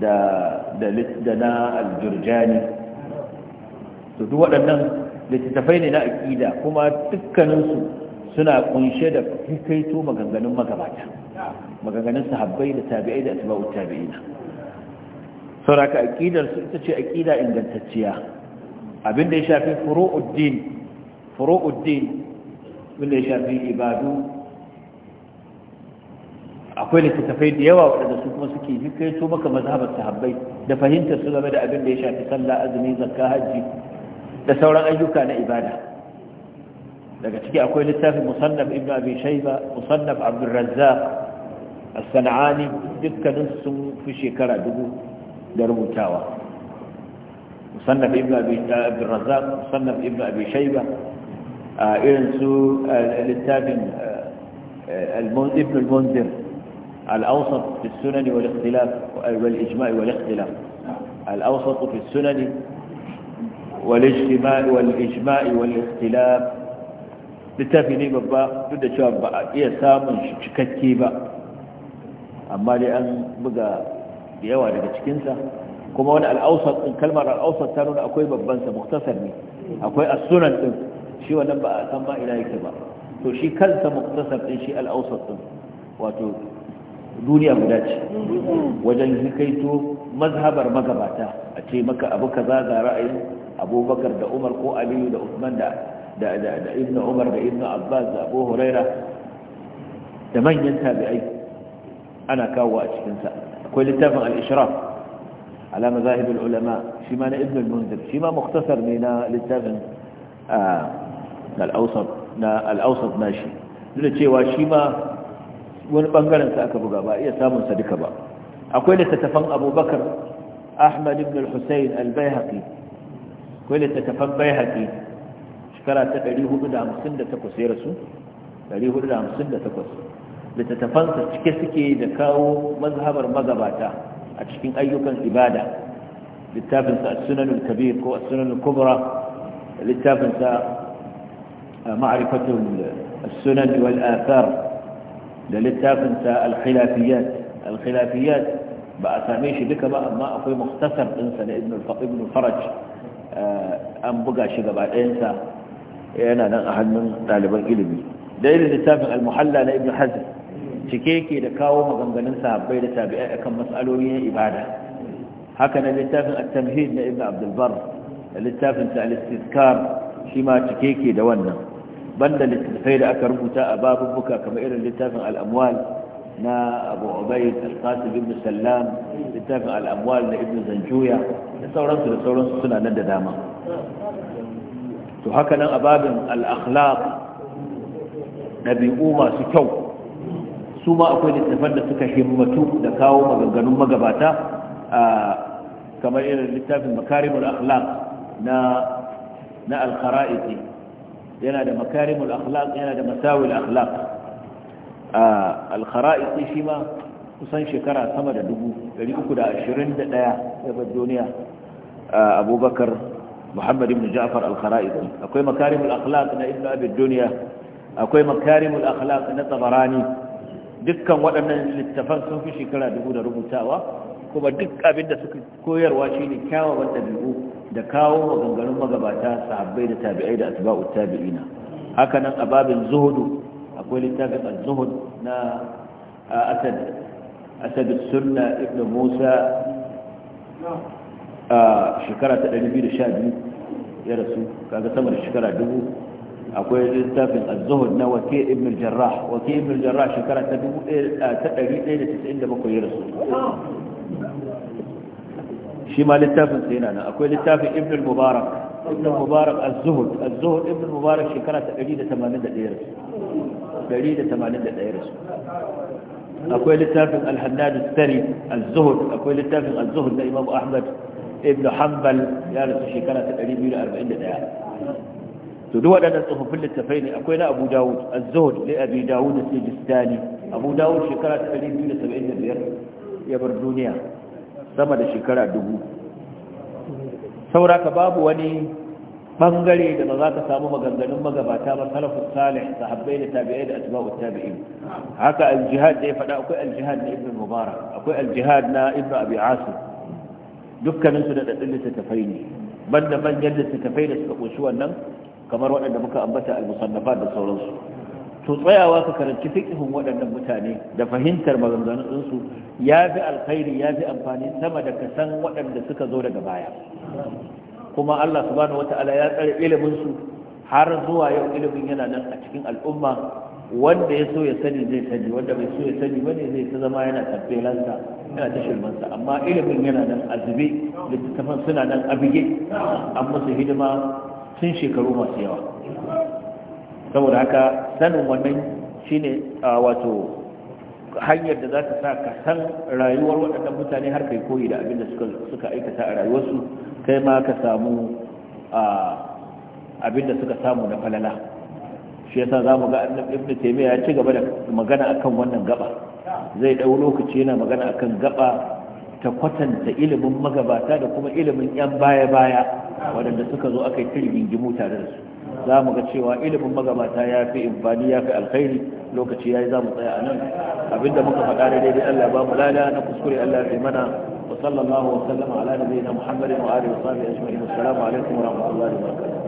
da da da to duk waɗannan littattafai ne na aqida kuma dukkaninsu suna kunshe da kaito sahabbai da tabi'ai da sauraka aqidar su ita ce aqida ingantacciya abinda ya shafi furu'uddin furu'uddin wanda ya shafi ibadu akwai littattafai da yawa waɗanda su kuma suke yi kai su maka mazhabar sahabbai da fahimtar su game da abin da ya shafi sallah azumi zakka hajji da sauran ayyuka na ibada daga ciki akwai littafin musannaf ibn abi shayba musannaf abdurrazzaq as-sanani dukkanin sun fi shekara dubu da rubutawa musannaf ibn abi abd razzaq musannaf ibn abi shayba irin su littafin ibn al-munzir al-awsat fi sunan wal ikhtilaf wal ijma' wal ikhtilaf al-awsat fi sunan wal ijtima' wal ijma' wal ikhtilaf littafi ne babba duk da cewa ba a iya samun shi cikakke ba amma dai an buga da yawa daga cikinsa kuma wani al'ausar ɗin kalmar al'ausar ta nuna akwai babbansa muktasar ne akwai as-sunan ɗin shi wannan ba a san ba ina yake ba to shi kansa muktasar ɗin shi al'ausar ɗin wato duniya guda ce wajen hikaito mazhabar magabata a ce maka abu kaza ga ra'ayin abubakar da umar ko aliyu da usman da da ibnu umar da ibnu abbas da abu huraira da manyan tabi'ai ana kawo a cikinsa كل اتفق الاشراف على مذاهب العلماء فيما ابن المنذر فيما مختصر من الاتفق آه، نا الاوسط نا الاوسط ماشي لذا تشيوا شيما وان بانغارن ساكا بغا با يا سامون سدكا با اكوي لتتفق ابو بكر احمد بن الحسين البيهقي اكوي لتتفق بيهقي شكرا تقريه بدا مسند تقسيرسو تقريه بدا مسند تقسيرسو littattafansa cike suke da kawo mazhabar magabata a cikin ayyukan ibada littafinsa a sunanul kabir ko a kubra littafinsa a ma'arifatun sunan da littafinsa al-khilafiyat ba a same shi duka ba amma akwai muktasar ɗinsa na ibn faraj an buga shi gaba ɗayansa yana nan a hannun ɗaliban ilimi da irin littafin al-muhalla na ibn hazm bincike yake da kawo maganganun sahabbai da tabi'ai akan mas'aloli na ibada haka na littafin at-tamhid na ibnu abdul bar da littafin al-istizkar shi ma cike yake da wannan banda littafai da aka rubuta a babubuka kamar irin littafin al-amwal na abu ubaid al-qasim ibn sallam littafin al-amwal na ibn zanjuya da sauransu da sauransu suna nan da dama to haka nan a babin al-akhlaq ɗabi'u masu kyau su ma akwai littafan da suka himmatu da kawo maganganun magabata kamar irin littafin makarimul akhlaq na na al-qara'iti yana da makarimul akhlaq yana da masawil akhlaq al-qara'iti shi ma kusan shekara sama da dubu 321 ya bar duniya abubakar muhammad ibn ja'far al-qara'iti akwai makarimul akhlaq na ibn abid duniya akwai makarimul akhlaq na tabarani dukkan waɗannan littafan sun fi shekara dubu da rubutawa kuma duk abin da suka koyarwa shine kyawawan ɗabi'u da kawo maganganun magabata sahabbai da tabi'ai da asba'u tabi'ina haka nan a babin zuhudu akwai littafin al zuhud na asad asad sunna ibn musa a shekara ta 2012 ya rasu kaga sama da shekara dubu akwai littafin az-zuhud na wake ibn al-jarrah wake ibn al-jarrah shekara ta 1997 ya shi ma littafin sai yana nan akwai littafin ibn al-mubarak ibn al-mubarak az-zuhud az-zuhud ibn al-mubarak shekara ta 181 rasu 181 akwai littafin al-hannad al-sari az akwai littafin az na imam ahmad ibn hanbal ya rasu shekara ta 241 to duk waɗannan tsofaffin littafai ne akwai na abu dawud az-zuhd li Dawud da as-sijistani abu dawud shekara ta 275 ya bar duniya sama da shekara dubu sauraka babu wani bangare da ba za ka samu maganganun magabata ba salafus salih sahabbai da tabi'ai da atba'u tabi'in haka Aljihad jihad da ya faɗa akwai Aljihad na ibn mubarak akwai Aljihad na ibn abi asim dukkanin su da dadin littattafai ne banda manyan littattafai da suka ƙunshi wannan kamar waɗanda muka ambata al-musannafat da sauransu to tsayawa ka karanci fiqhun waɗannan mutane da fahimtar maganganun su ya fi alkhairi ya fi amfani sama da kasan waɗanda suka zo daga baya kuma Allah subhanahu wata'ala ya tsare ilimin su har zuwa yau ilimin yana nan a cikin al'umma wanda ya so ya sani zai sani wanda bai so ya sani bane zai ta zama yana tabbelansa yana ta shirmansa amma ilimin yana nan azube littattafan suna nan abige an musu hidima sun shekaru masu yawa saboda haka sanin wannan shine wato hanyar da za ka sa ka san rayuwar waɗannan mutane har kai koyi da abin da suka aikata a rayuwarsu kai ma ka samu abin da suka samu na falala shi yasa za mu ga annab ibn taymiya ya ci gaba da magana akan wannan gaba zai ɗau lokaci yana magana akan gaba ta kwatanta ilimin magabata da kuma ilimin yan baya baya waɗanda suka zo aka yi tirgin gimu tare da su za mu ga cewa ilimin magabata ya fi infani ya fi alkhairi lokaci ya yi za mu tsaya a nan abinda muka faɗa da daidai Allah ba mu lada na kuskure Allah ya mana wa sallallahu wa sallama ala nabiyina Muhammadin wa alihi wa sahbihi ajma'in assalamu alaikum wa rahmatullahi wa barakatuh